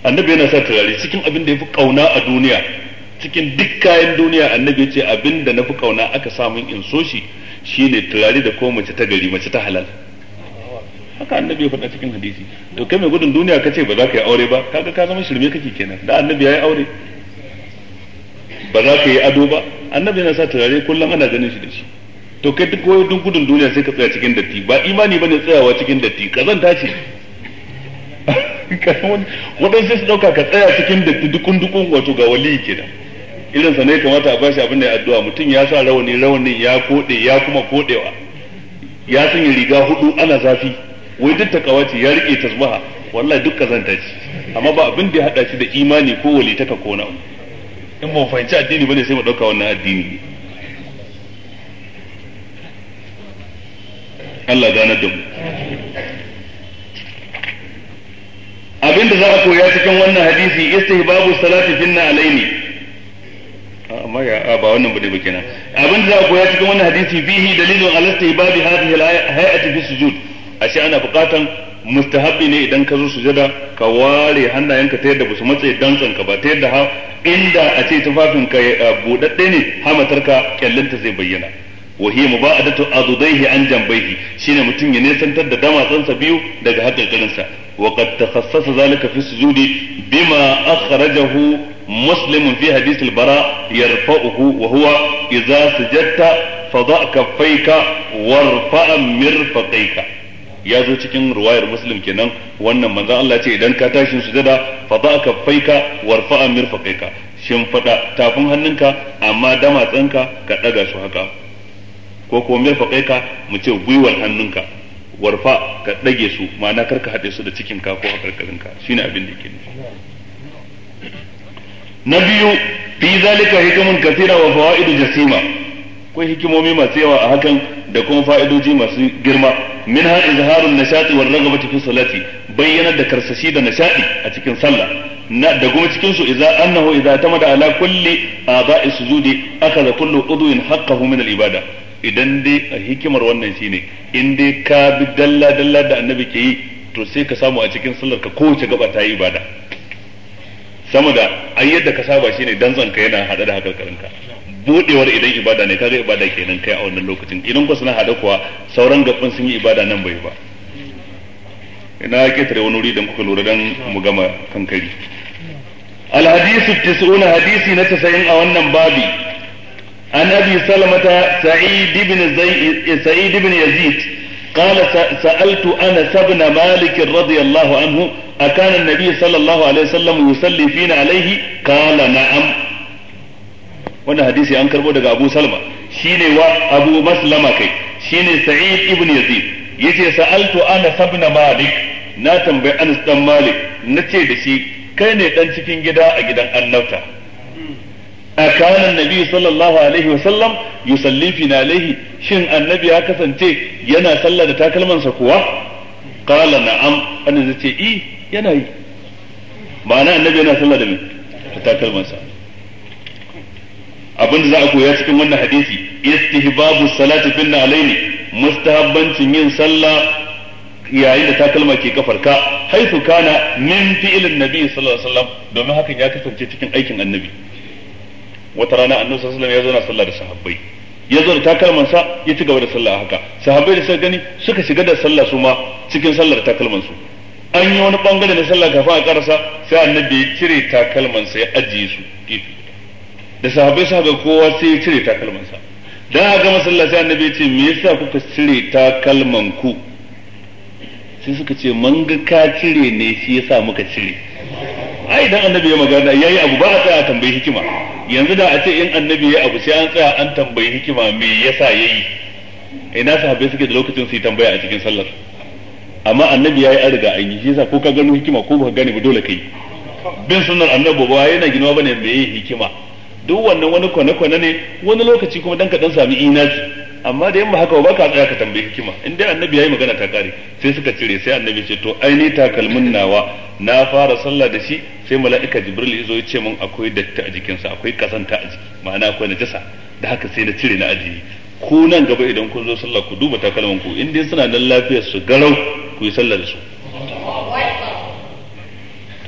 annabi yana sa turare cikin abin da yafi kauna a duniya cikin duk kayan duniya annabi ce abin da nafi kauna aka samun in so shi shine turare da ko mace ta gari mace ta halal haka annabi ya faɗa cikin hadisi to kai mai gudun duniya ka ce ba za ka yi aure ba kaga ka zama shirme kake kenan da annabi ya yi aure ba za ka yi ado ba annabi yana sa turare kullum ana ganin shi da shi to kai duk wani gudun duniya sai ka tsaya cikin datti ba imani bane tsayawa cikin datti kazanta ce (laughs) wadan sai su dauka ka tsaya cikin datti dukun dukun wato ga wali kenan irin sa ne kamata a bashi abin da ya addu'a mutum ya sa rawani rawanin ya kode ya kuma kodewa ya sanya riga hudu ana zafi wai duk takawa ya rike tasbaha wallahi duk kazanta ce amma ba abin da ya hada shi da imani ko walitaka ko na in ba fahimci addini bane sai mu dauka wannan addini Allah da mu abin da za a koya cikin wannan hadisi istihbabu salati fin alaini amma ya ba wannan bane ba kenan abin da za a koya cikin wannan hadisi dalilun ala istihbabi hadhihi al-hay'ati fi sujud ashe ana bukatan mustahabbi ne idan ka zo sujada ka ware hannayenka ta yadda su matse dan ba ta yadda ha inda a ce tufafinka eh, budadde ne hamatarka kyallinta zai bayyana wa hiya muba'adatu adudaihi an jambayhi shine mutum ya nesantar da damatsansa biyu daga haƙarƙarinsa wa qad takhassasa zalika fi sujudi bima akhrajahu مسلم في حديث البراء يرفعه وهو إذا سجدت فضع كفيك وارفع مرفقيك ya zo cikin ruwayar muslim kenan wannan manzan Allah ce idan ka tashi sujada fa ba ka faika warfa'a ka shin fada tafin hannunka amma dama tsanka ka daga su haka ko ko ka mu ce gwiwar hannunka warfa ka dage su ma'ana karka haɗe su da cikin ka ko hakarkarinka shine abin da yake nufi na biyu fi zalika hikamun kathira wa fawaidu jasima akwai hikimomi masu yawa a hakan da kuma fa'idoji masu girma min ha izharun nashati wal ragabati fi salati bayyana da karsashi da nashadi a cikin sallah na da kuma cikin su idza annahu idza tamada ala kulli aba'i sujudi akaza kullu udwin haqqahu min al ibada idan dai hikimar wannan shine in dai ka bi dalla dalla da annabi ke yi to sai ka samu a cikin sallar ka kowace gaba ta yi ibada sama da ayyar da ka saba shine dan ka yana hada da hakarkarinka budewar idan ibada ne kaga ibada kenan kai a wannan lokacin idan ku suna hada kuwa sauran gaban sun yi ibada nan bai ba ina ke tare wani wuri da kuka lura dan mu gama kankari alhadisu tis'una hadisi na tasayin a wannan babi an abi salamata sa'id ibn zaid sa'id ibn yazid قال sa'altu أنا ابن مالك رضي الله عنه أكان النبي صلى الله عليه وسلم يصلي فينا عليه wannan hadisi an karbo daga Abu Salma shine wa Abu Maslama kai shine Sa'id ibn Yazid yace sa'altu ana sabna Malik na tambayi Anas dan Malik nace da shi kai ne dan cikin gida a gidan Annabta a kana annabi sallallahu alaihi wa sallam yusalli fi alaihi shin annabi ya kasance yana sallar da takalman sa kuwa qala na'am annabi ce i eh, yana yi ma'ana annabi yana sallar da mai takalman sa abinda za a koya cikin wannan hadisi istihbabu salati fil alaini mustahabbancin yin sallah yayin da takalma ke kafarka haifu kana min fi'ilin nabi sallallahu alaihi wasallam domin hakan ya kasance cikin aikin annabi wata rana annabi sallallahu alaihi wasallam ya zo sallah da sahabbai ya zo da sa ya ci gaba da sallah haka sahabbai da suka gani suka shiga da sallah su ma cikin sallar takalman su an yi wani bangare na sallah kafin a karasa sai annabi ya cire sa ya ajiye su gefe da sahabbai sahabbai kowa sai ya cire takalmansa dan haka sai annabi ya ce me yasa kuka cire takalman ku sai suka ce mun ga ka cire ne shi yasa muka cire ai idan annabi ya magana yayi abu ba a tsaya a tambayi hikima yanzu da a ce in annabi ya abu sai an tsaya an tambayi hikima me yasa yayi ina eh, sahabbai suke da lokacin su yi tambaya a cikin sallar amma annabi yayi an riga an yi yasa ko ka gano hikima ko ba ka gane ba dole kai bin sunnar annabi ba yana ginawa bane me hikima duk wannan wani kwane-kwane ne wani lokaci kuma dan ka dan sami inazi amma da yamma haka ba ka tsaya ka tambayi hikima in dai annabi yayi magana ta kare sai suka cire sai annabi ce to ai ni takalmin nawa na fara sallah da shi sai mala'ika jibril ya zo ya ce min akwai datti a jikinsa akwai kasanta a jiki ma'ana akwai najasa da haka sai na cire na ajiye ku nan gaba idan kun zo sallah ku duba takalman ku in dai suna nan lafiyar su garau ku yi sallah da su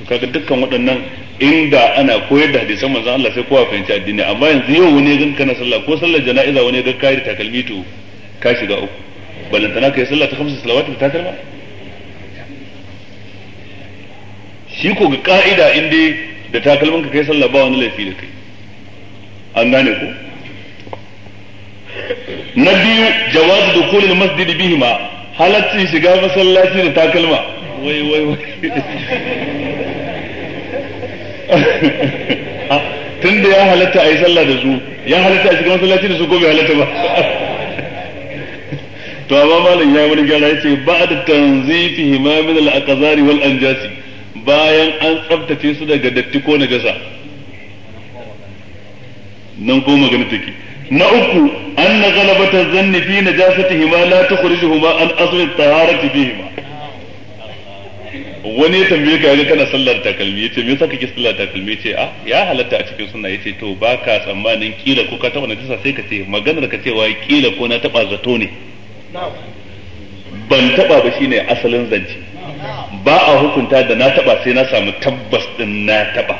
to kaga dukkan waɗannan inda ana koyar da hadisan manzon Allah sai kowa fahimci addini amma yanzu yau wani gan kana sallah ko sallar jana'iza wani ga kai da takalmi to ka shiga uku ballantana kai sallah ta kamsa salawati ta kalma shi ko ga ka'ida in dai da takalmin ka kai sallah ba wani laifi da kai an gane ko na biyu jawazu dukhul al-masjid bihima halaccin shiga masallaci da takalma wai wai wai (laughs) Ah, tun da ya halatta a yi sallah da su ya halatta a cikin masallaci da su ko bai halatta ba (laughs) to amma malam ya wani gyara yace ba'da tanzifihi ma min al-aqzari wal anjasi bayan an tsaftace su daga datti ko na gasa? nan ko magana take na uku an anna ghalabata zanni fi najasatihi ma la tukhrijuhu huma an asirin taharar taharati fihi ma wani ya tambaye ka yaga kana sallar takalmi yace me yasa kake sallar takalmi yace a ah, ya halatta a cikin sunna yace to baka tsammanin kila ko ka taba najasa sai ka ce maganar ka cewa kila ko na taba zato ne ban taba ba shine asalin zance ba a hukunta da na taba sai na samu tabbas din na taba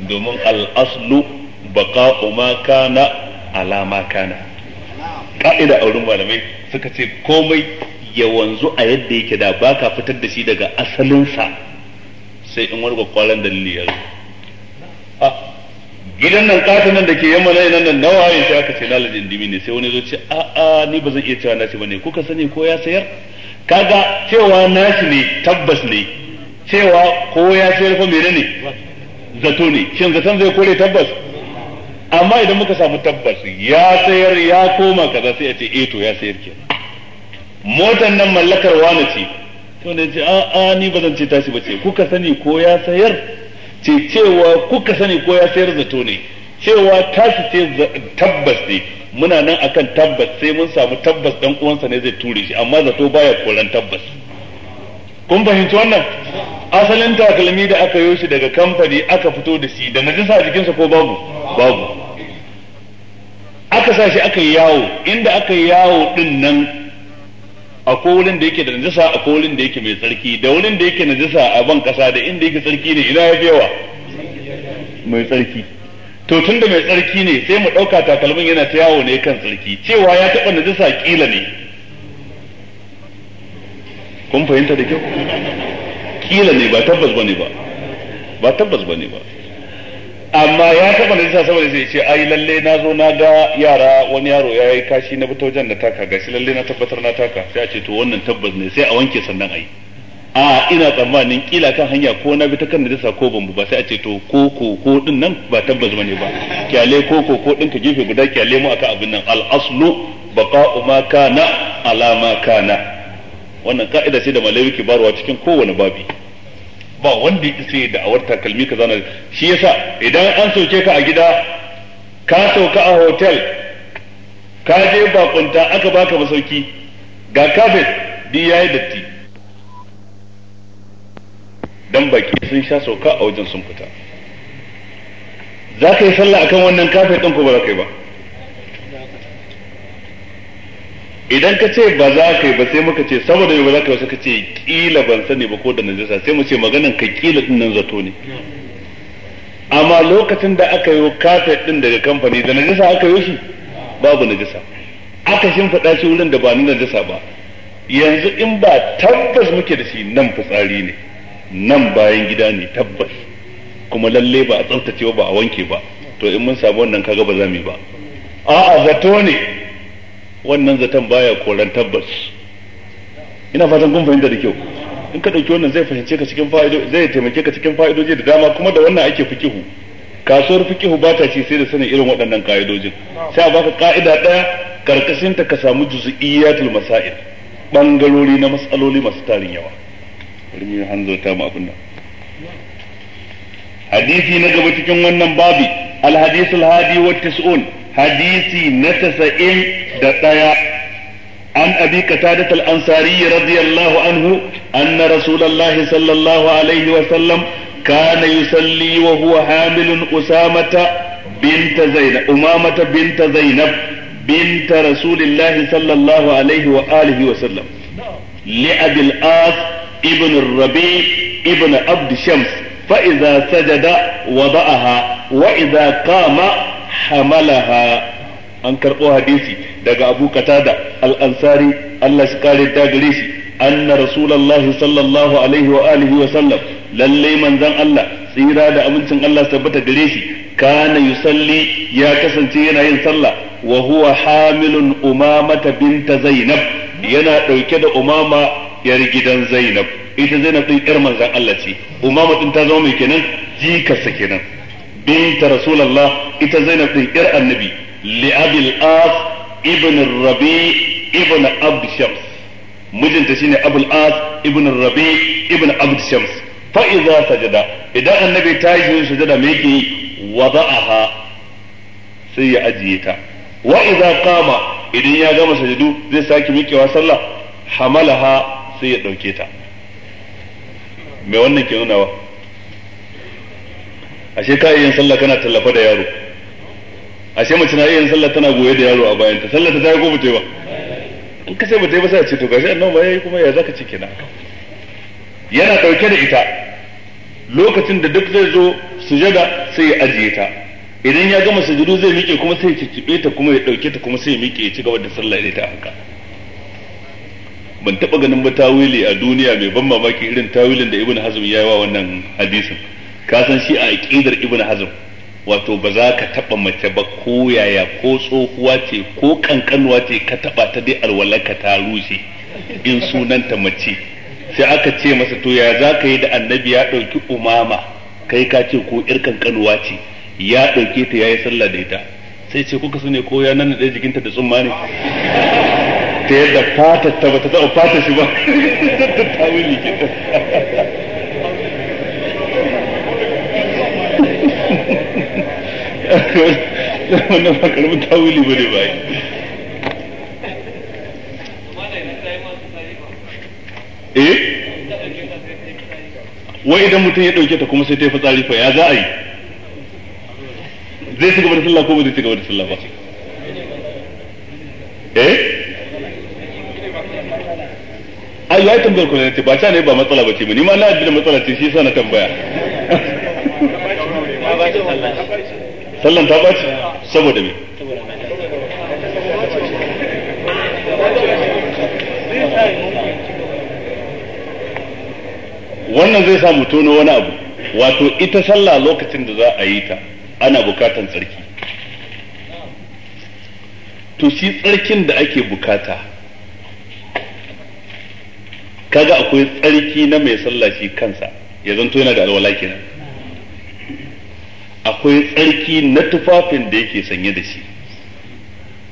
domin al-aslu baqa ma kana ala ma kana ka'ida aurin malamai suka ce komai ya wanzu a yadda yake da ba ka fitar da shi daga asalinsa sai in wani kwakwalan dalili ya a gidan nan nan da ke yamma na nan nan nawa ya sai aka ce lajin dimi ne sai wani zo ce a a ni ba zan iya cewa nashi bane kuka sani ko ya sayar kaga cewa nashi ne tabbas ne cewa ko ya sayar fa ne? zato ne shin zaton zai kore tabbas amma idan muka samu tabbas ya sayar ya koma kaza sai a ce eh to ya sayar kenan motan nan mallakar wani ce to ne ce a a ni ba zan ce tashi ba ce kuka sani ko ya sayar ce cewa kuka sani ko ya sayar zato ne cewa tashi ce tabbas ne muna nan akan tabbas sai mun samu tabbas dan uwansa ne zai ture shi amma zato baya koran tabbas kun fahimci wannan asalin takalmi da aka yo daga kamfani aka fito da shi da najisa a jikinsa ko babu babu aka sa shi aka yi yawo inda aka yi yawo din nan akwai wurin da yake da najisa akwai wurin da yake mai tsarki da wurin da yake najisa a ban kasa da inda yake tsarki ne ina yafi yawa mai tsarki to tun da mai tsarki ne sai mu ɗauka takalmin yana ta yawo ne kan tsarki cewa ya taɓa najisa kila ne kun fahimta da kyau kila ne ba tabbas bane ba ba tabbas bane ba amma ya taba najisa saboda zai ce ai lalle na zo na ga yara wani yaro ya yi kashi na fito jan da taka gashi lalle na tabbatar na taka sai a ce to wannan tabbas ne sai a wanke sannan ai a ina tsammanin kila kan hanya ko na bi ta kan najisa ko ban ba sai a ce to ko ko ko din nan ba tabbas bane ba kyale ko ko ko din ka gefe guda kyale mu aka abin nan al aslu baqa'u ma kana ala kana wannan ka'ida sai da malawi ke barwa cikin kowane babi ba wanda ya isa da awar takalmi ka zana shi yasa idan an sauke ka a gida ka sauka a hotel ka je bakunta aka baka masauki ga kafet ya yayi datti dan baki sun sha sauka a wajen sun fita za ka yi sallah akan wannan kafet ɗin ko ba za ka yi ba idan ka ce ba za ka yi ba sai muka ce saboda ba za ka yi sai ka ce kila ban sani ba ko da najasa sai mu ce maganan ka kila din nan zato ne amma lokacin da aka yi kafet din daga kamfani da najasa aka yi shi babu najasa aka shimfiɗa shi wurin da ba na najasa ba yanzu in ba tabbas muke da shi nan fitsari ne nan bayan gida ne tabbas kuma lalle ba a tsaftace ba a wanke ba to in mun samu wannan kaga ba za mu yi ba a'a zato ne wannan zaton baya koran tabbas ina fatan kun fahimta da kyau in ka ɗauki wannan zai fahimce ka cikin fa'ido zai taimake ka cikin fa'idoji da dama kuma da wannan ake fikihu kasuwar fikihu ba ta ci sai da sanin irin waɗannan ka'idojin sai a baka ka'ida ɗaya karkashin ta ka samu juz'iyatul masail bangarori na matsaloli masu tarin yawa bari mu hanzo ta mu abin nan hadisi na gaba cikin wannan babi al hadisul hadi wa tis'un hadisi na tasa'in da ɗaya an abi qatada al-ansari radiyallahu anhu anna rasulullahi sallallahu alaihi wa sallam kana yusalli wa huwa hamilun usamata binta zainab umamata binta zainab binta rasulillahi sallallahu alaihi wa alihi wa sallam li abil ibn rabi ibn abd shams فإذا سجد وضعها وإذا قام hamalaha an karɓo hadisi daga abu katada al-ansari Allah shi kare ta gare shi anna rasulullahi sallallahu alaihi wa alihi wa sallam lalle manzan Allah tsira da amincin Allah tabbata gare shi kana yusalli ya kasance yana yin sallah wa huwa hamilun umamata binta zainab yana dauke da umama yar gidan zainab ita zainab din yar manzan Allah ce umama din ta zama mai kenan jikarsa kenan binta rasulullah ita zainab din yar annabi li abil ibn rabi ibn abd shams mijinta shine abul as ibn rabi ibn abd shams fa sajada idan annabi ta yi sujada me yake yi wada'aha sai ya ajiye ta wa idza idan ya gama sajadu zai sake miƙewa sallah hamalaha sai ya dauke ta me wannan ke ashe ka yin sallah kana tallafa da yaro ashe mace na yin sallah tana goye da yaro a bayan ta sallah ta yi ko bata yi ba in ka sai bata yi ba sai a ce to gashi annabi yayi kuma ya zaka ce kenan yana dauke da ita lokacin da duk zai zo sujada sai ya ajiye ta idan ya gama sujudu zai miƙe kuma sai ya ciccibe ta kuma ya dauke ta kuma sai ya miƙe ya ci gaba da sallah da ita haka ban taba ganin ba tawili a duniya mai ban mamaki irin tawilin da ibn hazm ya yi wa wannan hadisin ka san shi a aqidar Ibn hazm wato ba za ka taba mace ba ko yaya ko tsohuwa ce ko kankanuwa ce ka taba ta dai alwalaka ta rushe in sunanta mace sai aka ce masa to ya za ka yi da annabi ya ɗauki umama kai ka ce ko ir kankanuwa ce ya ɗauke ta ya sallah da ita sai ce kuka sune ko ya nan da jikinta da tsumma ne ta yadda fatar ta ba ta taɓa fatar shi ba (laughs) ta tawili wani ba karamin tawili bane ba yi eh wai idan mutum ya dauke ta kuma sai ta yi fitsari fa ya za a yi zai ci gaba da sallah ko ba zai ci gaba da sallah ba eh ai yayi tambayar ku ne ba ta ne ba matsala ba ce ba ni ma na da matsala ce shi yasa na tambaya sallan ta ɓaci saboda me wannan zai sa mu tono wani abu wato ita sallah lokacin da za a yi ta ana bukatan tsarki to shi tsarkin da ake bukata kaga akwai tsarki na mai sallah shi kansa ya zanto yana da alwala kenan akwai tsarki na tufafin da yake sanye da shi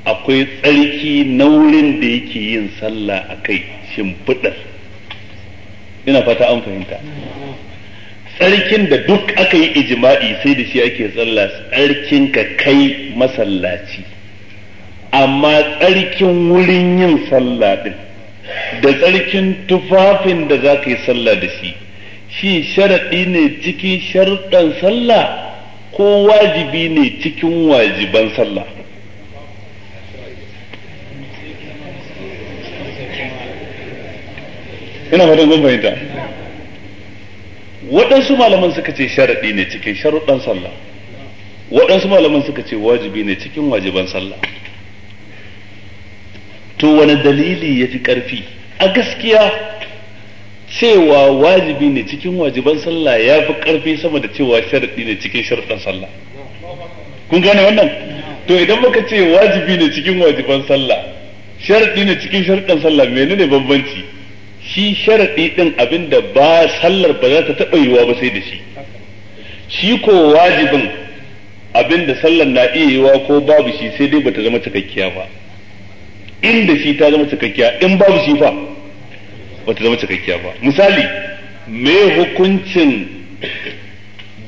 akwai tsarki na wurin da yake yin sallah a kai shimfiɗar ina fata an fahimta tsarkin da duk aka yi ijima'i sai da shi ake tsalla tsarkin ka kai masallaci amma tsarkin wurin yin sallah ɗin da tsarkin tufafin da za ka yi sallah da shi shi sharaɗi ne cikin sharɗan sallah ko wajibi ne cikin wajiban sallah ina fatan kun fahimta waɗansu malaman suka ce sharaɗi ne cikin sharuɗan sallah waɗansu malaman suka ce wajibi ne cikin wajiban sallah to wani dalili ya fi ƙarfi a gaskiya cewa wajibi ne cikin wajiban sallah ya fi karfi sama da cewa sharaɗi ne cikin sharaɗin sallah kun gane wannan to idan muka ce wajibi ne cikin wajiban sallah sharaɗi ne cikin sharaɗin sallah menene bambanci shi sharaɗi ɗin abinda ba sallar ba za ta taɓa yiwa ba sai da shi shi ko wajibin abinda sallar na iya yiwa ko babu shi sai dai bata zama cikakkiya ba inda shi ta zama cikakkiya in babu shi fa ba ta zama cikakkiya ba misali me hukuncin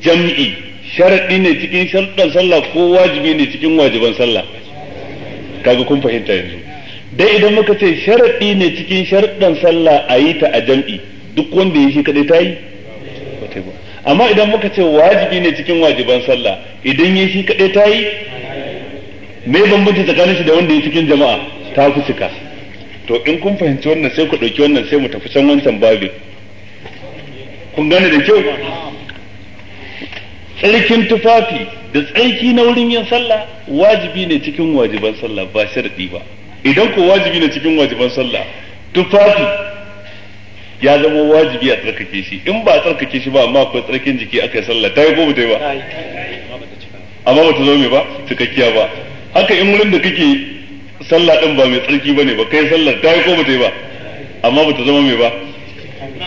jam'i sharaɗi ne cikin sharɗan sallah ko wajibi ne cikin wajiban sallah kaga kun fahimta yanzu dai idan muka ce sharaɗi ne cikin sharɗan sallah a yi ta a jam'i duk wanda ya shi kadai ta yi amma idan muka ce wajibi ne cikin wajiban sallah idan ya shi kadai ta yi me bambanci tsakanin shi da wanda ya cikin jama'a ta fi cika to in kun fahimci wannan sai ku ɗauki wannan sai mu tafi san wancan babin kun gane da kyau tsarkin tufafi da tsarki na wurin yin sallah wajibi ne cikin wajiban sallah ba sharadi ba idan ko wajibi ne cikin wajiban sallah tufafi ya zama wajibi a tsarkake shi in ba a tsarkake shi ba amma akwai tsarkin jiki aka yi sallah ta yi ko ba yi ba amma ba ta zo mai ba cikakkiya ba haka in wurin da kake sallah din ba mai tsarki bane ba kai sallar ta yi ko ba ta yi ba amma ba ta zama mai ba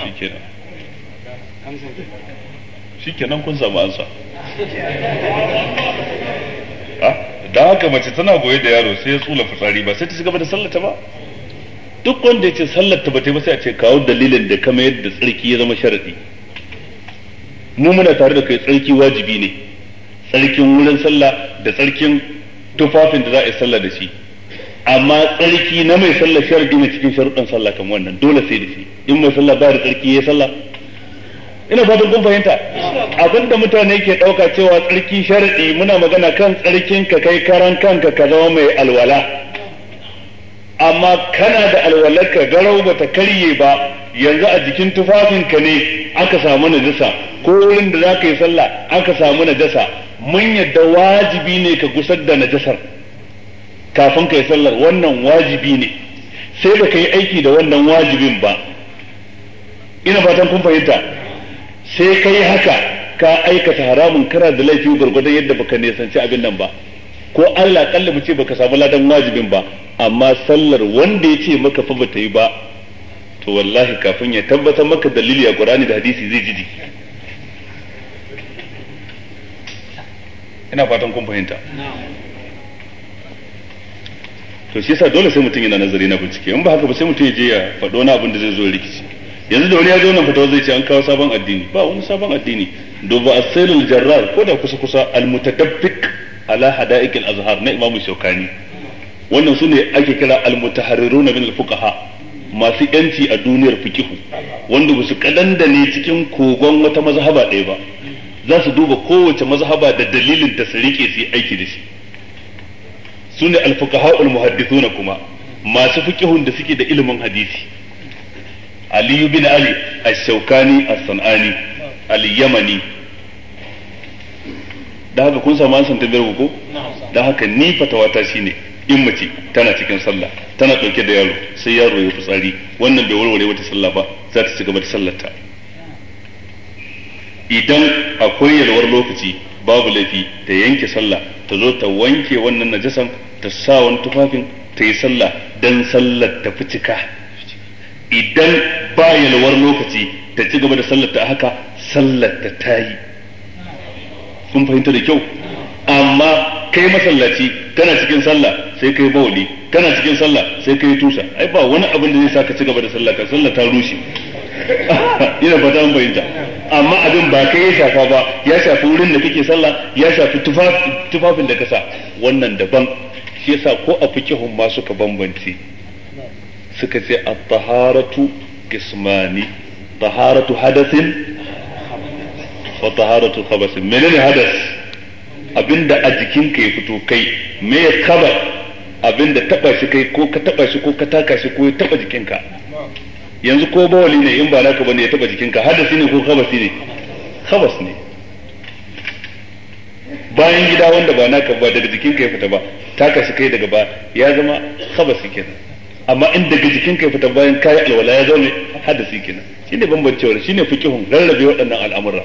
shikenan shikenan kun samu ansa ah, da haka mace tana goye da yaro sai ya tsula fitsari ba sai ta shiga da sallata ba duk wanda ya ce sallata ba ta yi ba sai a ce kawo dalilin da kama yadda tsarki ya zama sharadi mu muna tare da kai tsarki wajibi ne tsarkin wurin sallah da tsarkin tufafin da za a yi sallah da shi amma tsarki na mai sallah sharadi ne cikin sharuɗan sallah kan wannan dole sai da shi in mai sallah ba da tsarki ya sallah ina fatan kun fahimta abinda mutane ke ɗauka cewa tsarki sharaɗi muna magana kan tsarkin ka kai karan kanka ka zama mai alwala amma kana da alwalar ka garau ta karye ba yanzu a jikin tufafin ka ne aka samu najasa ko wurin da za ka yi sallah aka samu najasa mun yadda wajibi ne ka gusar da najasar kafin kai sallar wannan wajibi ne sai da yi aiki da wannan wajibin ba ina fatan kun fahimta sai ka yi haka ka aikata haramun kana da laifi gwargwadon yadda baka nisanci abin nan ba ko Allah kalla mu ce baka samu ladan wajibin ba amma sallar wanda ya ce maka fa bata yi ba to wallahi kafin ya tabbatar maka dalili a Qur'ani da hadisi zai ji ina fatan kun fahimta to shi yasa dole sai mutum yana nazari na bincike in ba haka ba sai mutum ya je ya faɗo na abin da zai zo rikici yanzu da wani ya zo nan fatawa zai ce an kawo sabon addini ba wani sabon addini duba asailul jarrar ko da kusa kusa almutadabbik ala hada'iq al-azhar na imamu shaukani wannan sune ake kira na min al-fuqaha masu yanci a duniyar fikihu wanda ba su kadanda ne cikin kogon wata mazhaba ɗaya ba za su duba kowace mazhaba da dalilin ta su rike su yi aiki da shi sune al muhaddisu muhaddithuna kuma masu fikihun da suke da ilimin hadisi Aliyu bin Ali ash-Shawkani as-Sanani al-Yamani da haka kun samu an san tambayar ko da haka ni fatawata shine in mace tana cikin sallah tana ɗauke da yaro sai yaro ya fitsari wannan bai warware wata sallah ba za ta ci gaba da sallarta idan akwai yalwar lokaci babu laifi ta yanke sallah ta zo ta wanke wannan najasan ta sa wani tufafin ta yi sallah dan sallar ta fi cika idan ba yalwar lokaci ta ci gaba da sallar ta haka sallar ta ta yi sun fahimta da kyau amma kai masallaci tana cikin sallah sai kai bauli tana cikin sallah sai kai tusa ai ba wani abin da zai sa ka ci gaba da sallah ka sallah ta rushe (laughs) ina fata an bayyanta amma abin ba kai ya shafa ba ya shafi wurin da kake sallah ya shafi tufafin da ka sa wannan daban shi yasa ko a fikihun ma suka bambance suka ce at-taharatu qismani taharatu hadasin wa taharatu khabasin menene hadas abinda a jikinka ya fito kai me ya kaba abinda taba shi kai ko ka taba shi ko ka taka shi ko ya taba jikinka yanzu ko bawali ne in ba naka bane ya taba jikinka hadasi ne ko khabasi ne khabas ne bayan gida wanda ba naka ba daga jikin ka ya fita ba ta kashi kai daga ba ya zama khabasi kenan amma in daga jikin ka ya fita bayan kayi alwala ya zama hadasi kenan shine bambancewar shine fiqhun rarrabe waɗannan al'amura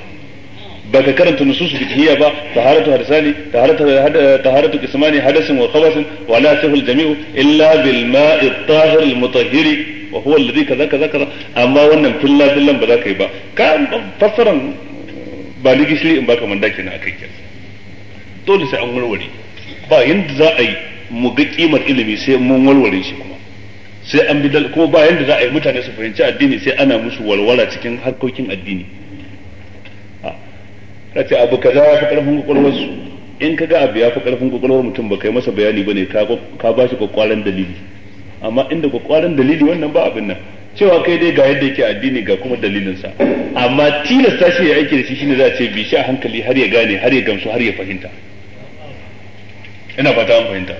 baka karanta nususu fiqhiyya ba taharatu hadasani taharatu taharatu qismani hadasin wa khabasin wa la sahul jami'u illa bil ma'i at-tahir al mutahhir wa huwa alladhi kaza kaza kaza amma wannan fillan fillan ba za ka yi ba ka fassaran ba ni gishiri in baka manda kenan akai kenan dole sai an warware ba yanda za a yi mu ga kimar ilimi sai mun warware shi kuma sai an bi kuma ba yanda za a yi mutane su fahimci addini sai ana musu walwala cikin harkokin addini ah, ka ce abu kaza ya fi karfin kwakwalwar su in ka ga abu ya fi karfin kwakwalwar mutum ba kai masa bayani bane ka ba shi kwakwaran dalili amma inda kwakwaran dalili wannan ba abin nan cewa kai dai ga yadda yake addini ga kuma dalilinsa amma tilasta shi ya aiki da shi shine za a ce bi shi a hankali har ya gane har ya gamsu har ya fahimta ina fata an fahimta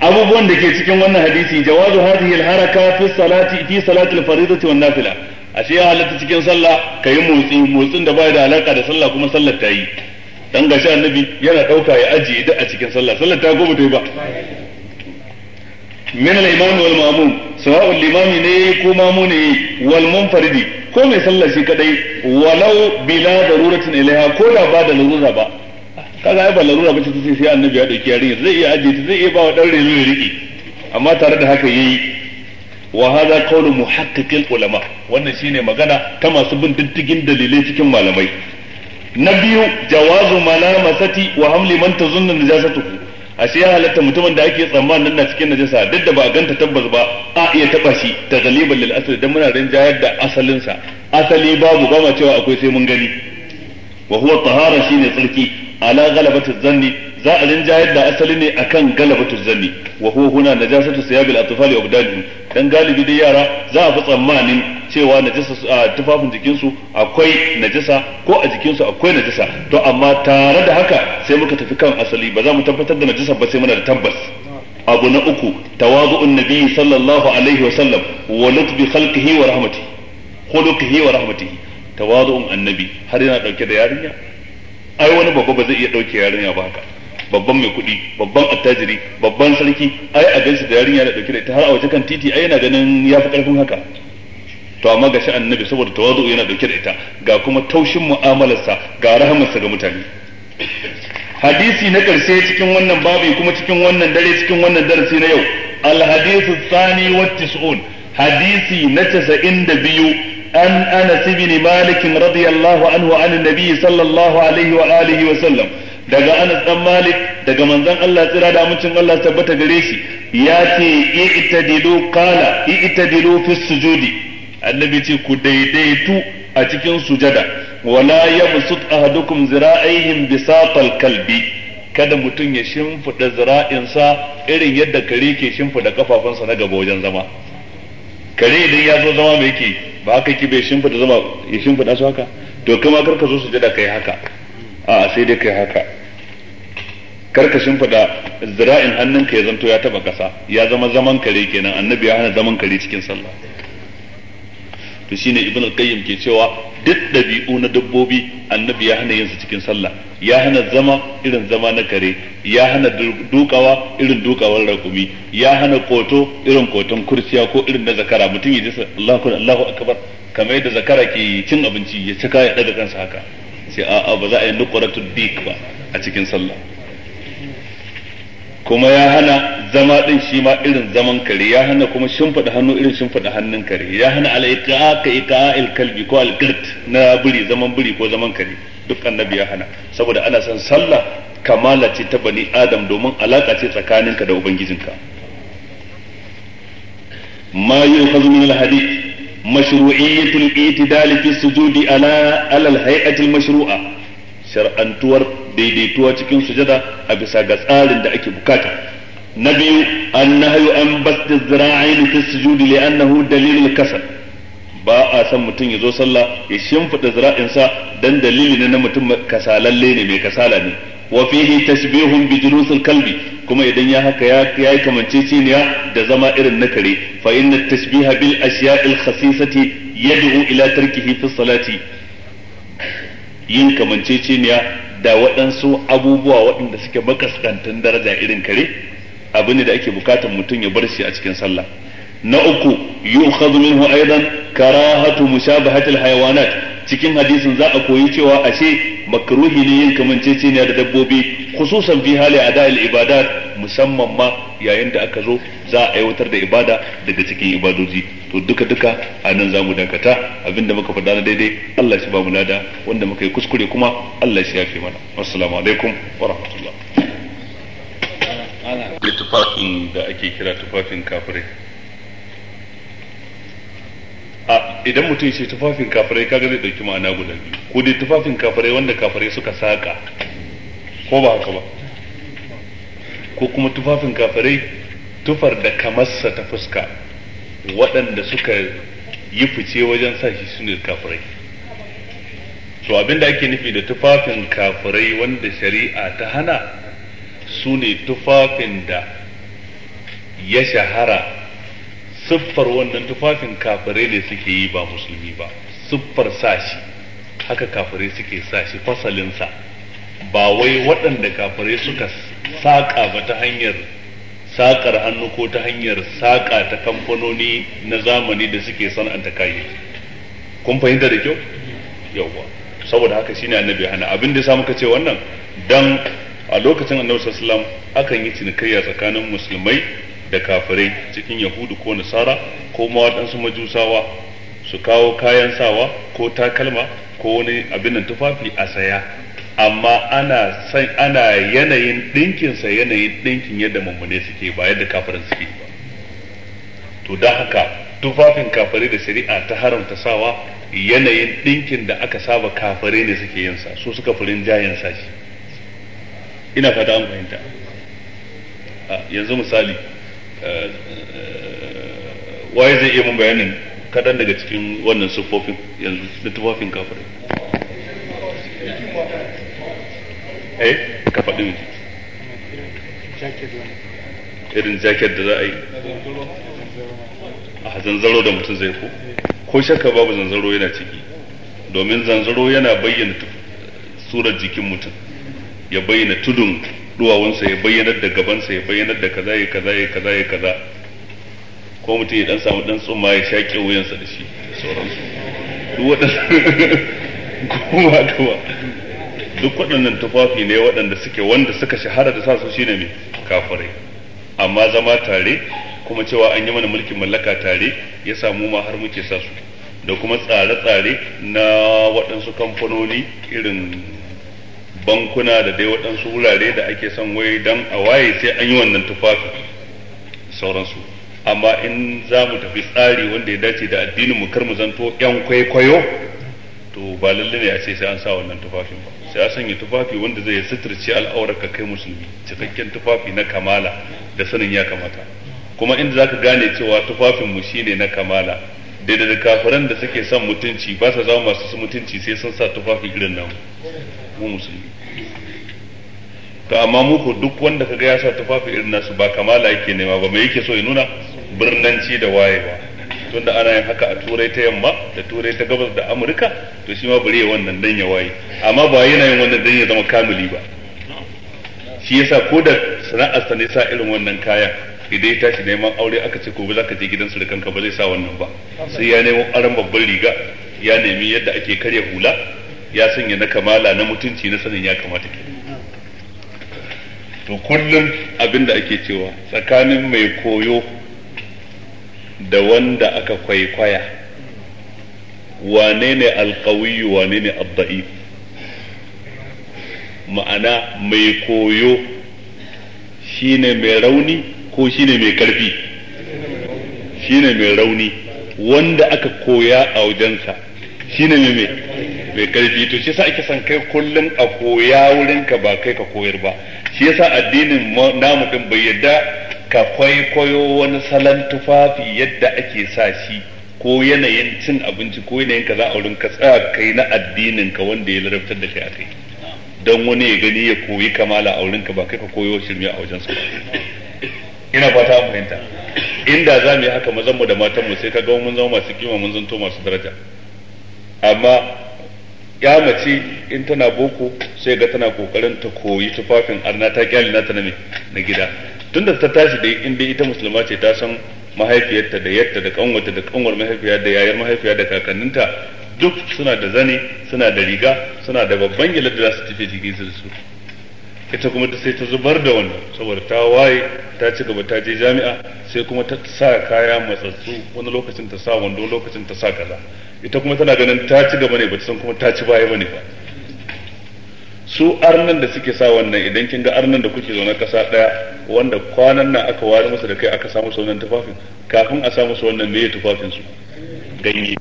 abubuwan da ke cikin wannan hadisi jawazu hadhihi al-haraka fi salati fi salati al-fariidati wan nafila ashe ya halatta cikin sallah kai motsi motsin da bai da alaka da sallah kuma sallar ta yi dan sha annabi yana dauka ya ajiye duk a cikin sallah sallar ta gobe ta yi ba min al-imam wal ma'mum sawa'u al ne ko mamu ne wal munfaridi ko mai sallah shi kadai walau bila daruratin ilaiha ko da ba da larura ba kaga ai ba larura ba ce sai annabi ya dauki yarinya zai iya aje ta zai iya ba wa dan rezo ya riki amma tare da haka yayi wa hadha qawlu muhaqqiqil ulama wannan shine magana ta masu bin diddigin dalilai cikin malamai na biyu jawazu malamasati wa hamli man tazunnu najasatuhu ashe ya halatta mutumin da ake tsammanin na cikin najasa duk da ba a ganta tabbas ba a iya taba shi ta galiban lil asali dan muna rinjayar da asalinsa asali babu ba ma cewa akwai sai mun gani wa huwa tahara shine tsarki ala ghalabati zanni za a rinjayar da asali ne akan galabatu zanni wa huwa huna najasatu siyabil atfal wa abdalihim dan galibi dai yara za a fi tsammanin cewa najasa tufafin jikin su akwai najasa ko a jikin su akwai najasa to amma tare da haka sai muka tafi kan asali ba za mu tabbatar da najasa ba sai muna da tabbas abu na uku tawazu'un nabiyyi sallallahu alaihi wa sallam wa lutfi khalqihi wa rahmatihi khuluqihi wa rahmatihi tawazu'un annabi har yana dauke da yarinya ai wani babba ba zai iya dauke yarinya ba haka babban mai kuɗi babban attajiri babban sarki ai a gansu da yarinya da dauke da ita har a waje kan titi ai yana ganin ya fi karfin haka to amma ga shi annabi saboda tawazu yana dauke da ita ga kuma taushin mu'amalarsa ga rahamarsa ga mutane hadisi na karshe cikin wannan babu kuma cikin wannan dare cikin wannan darasi na yau Al-hadisu thani wa tis'un hadisi na 92 an anas ibn malik radiyallahu anhu an nabi sallallahu alaihi wa alihi wa sallam daga Anas dan Malik daga manzon Allah tsira da amincin Allah tabbata gare shi ya ce i'tadilu qala i'tadilu fi sujudi annabi ce ku daidaitu a cikin sujada wala yabsut ahadukum zira'ihim bisaqal kalbi kada mutum ya shimfida zira'insa irin yadda kare ke shimfida kafafunsa na gaba wajen zama kare idan ya zo zama mai ke ba haka ki bai shimfida zama ya shimfida su haka to kuma karka zo sujada kai haka a sai dai kai haka karkashin fada zira'in hannunka ya zanto ya taba kasa ya zama zaman kare kenan annabi ya hana zaman kare cikin sallah to shine ibn qayyim ke cewa duk dabi'u na dabbobi annabi ya hana yin su cikin sallah ya hana zama irin zama na kare ya hana dukawa irin dukawar rakumi ya hana koto irin koton kurciya ko irin na zakara mutum ya ji Allahu Allahu akbar kamar yadda zakara ke cin abinci ya cika ya daga kansa haka sai a'a ba za a yi nuqratud dik ba a cikin sallah kuma ya hana zama din shi ma irin zaman kare ya hana kuma shimfiɗa hannu irin shimfiɗa hannun kare ya hana al'iqa ka kalbi ko al na buri zaman buri ko zaman kare duk annabi ya hana saboda ana son sallah kamala ce ta bani adam domin alaka ce tsakaninka da ubangijinka ma yu'khadhu min al hadith mashru'iyyatul i'tidal fi sujudi ala al hay'ati al mashru'a shar'antuwar daidaituwa cikin sujada a bisa ga tsarin da ake bukata na biyu an hayo an basta zira'aini fi sujudi li annahu dalilul kasal ba a san mutum ya zo sallah ya shimfida sa dan dalili ne na mutum kasalalle ne mai kasala ne wa fihi tashbihun bi julusil kalbi kuma idan ya haka ya yi kamanceceniya da zama irin na kare fa inna tashbiha bil ashiya'il khasisati yad'u ila tarkihi fi salati yin kamanceceniya da waɗansu abubuwa waɗanda suke makaskantan daraja irin kare abu ne da ake bukatar mutum ya bar shi a cikin sallah na uku yu'khadhu minhu aidan karahatu mushabahatil hayawanat cikin hadisin za a koyi cewa ashe makruhi ne yin kamanceceniya da dabbobi khususan fi hali ada'il ibadat musamman ma yayin da aka zo za a aiwatar da ibada daga cikin ibadoji to duka duka a nan zamu dakata abinda muka faɗa na daidai Allah shi ba mu lada wanda muka yi kuskure kuma Allah shi yafe mana assalamu alaikum wa rahmatullah tufafin da ake kira tufafin kafirai idan mutum ya ce tufafin kafirai kaga zai dauki ma'ana guda biyu ko dai tufafin kafirai wanda kafirai suka saka ko ba haka ba ko kuma tufafin kafirai tufar da kamarsa ta fuska waɗanda suka yi fice wajen sa shi su ne kafirai to abinda ake nufi da tufafin kafirai wanda shari'a ta hana su ne tufafin da ya shahara siffar wannan tufafin kafirai ne suke yi ba musulmi ba siffar sashi haka kafirai suke sashi fasalinsa ba wai waɗanda kafirai suka saƙa ba ta hanyar saƙar hannu ko ta hanyar saƙa ta kamfanoni na zamani da suke sana'anta kayi kun fahimta da kyau yawwa saboda haka shine annabi hana abin da ya muka ce wannan dan a lokacin annabi sallallahu alaihi wasallam akan yi cinikayya tsakanin musulmai da kafirai cikin yahudu ko nasara ko ma waɗansu majusawa su kawo kayan sawa ko takalma ko wani abin nan tufafi a saya amma ana san ana yanayin ɗinkin sa yanayin ɗinkin yadda mummune suke ba yadda kafirin suke ba to don haka tufafin kafirai da shari'a ta haramta sawa yanayin ɗinkin da aka saba kafirai ne suke yin sa su suka furin jayin sa shi ina fata an fahimta yanzu misali Eh, eh, waye zai iya mun bayanin kadan daga cikin wannan siffofin yanzu da tufafin kafirai eh ka faɗi mu irin jacket da za a yi a zanzaro da mutum zai ko ko shakka babu zanzaro yana ciki domin zanzaro yana bayyana surar jikin mutum ya bayyana tudun duwawunsa ya bayyanar da gabansa ya bayyanar da kaza ya kaza ya kaza ya kaza ko mutum ya dan samu dan tsumma ya shaƙe wuyansa da shi sauransu duk waɗannan (laughs) kuma gaba duk waɗannan tufafi ne waɗanda suke wanda suka shahara da sa su shine mai kafirai amma zama tare kuma cewa an yi mana mulkin mallaka tare ya samu ma har muke sa su da kuma tsare-tsare na waɗansu kamfanoni irin bankuna da dai waɗansu wurare da ake son wai dan a waye sai an yi wannan tufafi sauransu amma in za mu tafi tsari wanda ya dace da addinin mu kar mu zanto yan kwaikwayo to ba lalle ne a ce sai an sa wannan tufafin ba sai a sanya tufafi wanda zai suturce al'aurar ka kai musulmi cikakken tufafi na kamala da sanin ya kamata kuma inda zaka gane cewa tufafin mu shine na kamala daidai da kafiran da suke son mutunci ba sa zama masu mutunci sai sun sa tufafi irin nan mu musulmi to amma mu ko duk wanda kaga ya sa tufafi irin nasu ba kamala yake nema ba mai yake so ya nuna birnanci da wayewa tunda ana yin haka a turai ta yamma da turai ta gabas da amurka to shi ma bari ya wannan dan ya waye amma ba yana yin wannan dan ya zama kamili ba shi yasa ko da sana'ar sa ne sa irin wannan kaya idan ya tashi neman aure aka ce gobe za ka je gidan surukan ka ba zai sa wannan ba sai ya nemo aron babban riga ya nemi yadda ake karya hula ya sanya na kamala na mutunci na sanin ya kamata ke to kullum abin da ake cewa tsakanin mai koyo da wanda aka kwaikwaya wane ne alkawiyu wane ne abda'i ma'ana mai koyo shine mai rauni ko shine mai karfi shine mai rauni wanda aka koya a wajensa shi ne mai mai karfi to shi yasa ake son kai kullum a koya wurin ka ba kai ka koyar ba shi yasa addinin namu din bai yadda ka kwaikwayo wani salon tufafi yadda ake sa shi ko yanayin cin abinci ko yanayin kaza a wurin ka tsaya kai na addinin ka wanda ya larabtar da kai akai don wani ya gani ya koyi kamala a wurin ka ba kai ka koyo shirme a wajen su ina fata an fahimta inda za mu yi haka mazan mu da matan mu sai ka ga mun zama masu kima mun zanto masu daraja amma ya mace in tana boko sai ga tana kokarin ta koyi tufafin arna ta kyale nata na na gida tunda ta tashi dai in dai ita musulma ce ta san mahaifiyarta da yadda da kanwarta da kanwar mahaifiya da yayar mahaifiya da kakanninta duk suna da zane suna da riga suna da babban gilar da za su tafi jikin su ita kuma ta sai ta zubar da wannan saboda ta waye ta ci gaba ta je jami'a sai kuma ta sa kaya matsatsu wani lokacin ta sa wando lokacin ta sa kaza ita kuma tana ganin ta ci gaba ne ba san kuma ta ci baya bane ba su arnan da suke sa wannan idan kin ga arnan da kuke zaune kasa daya wanda kwanan nan aka ware musu da kai aka samu su wannan tufafin kafin a samu su wannan meye tufafin su ganye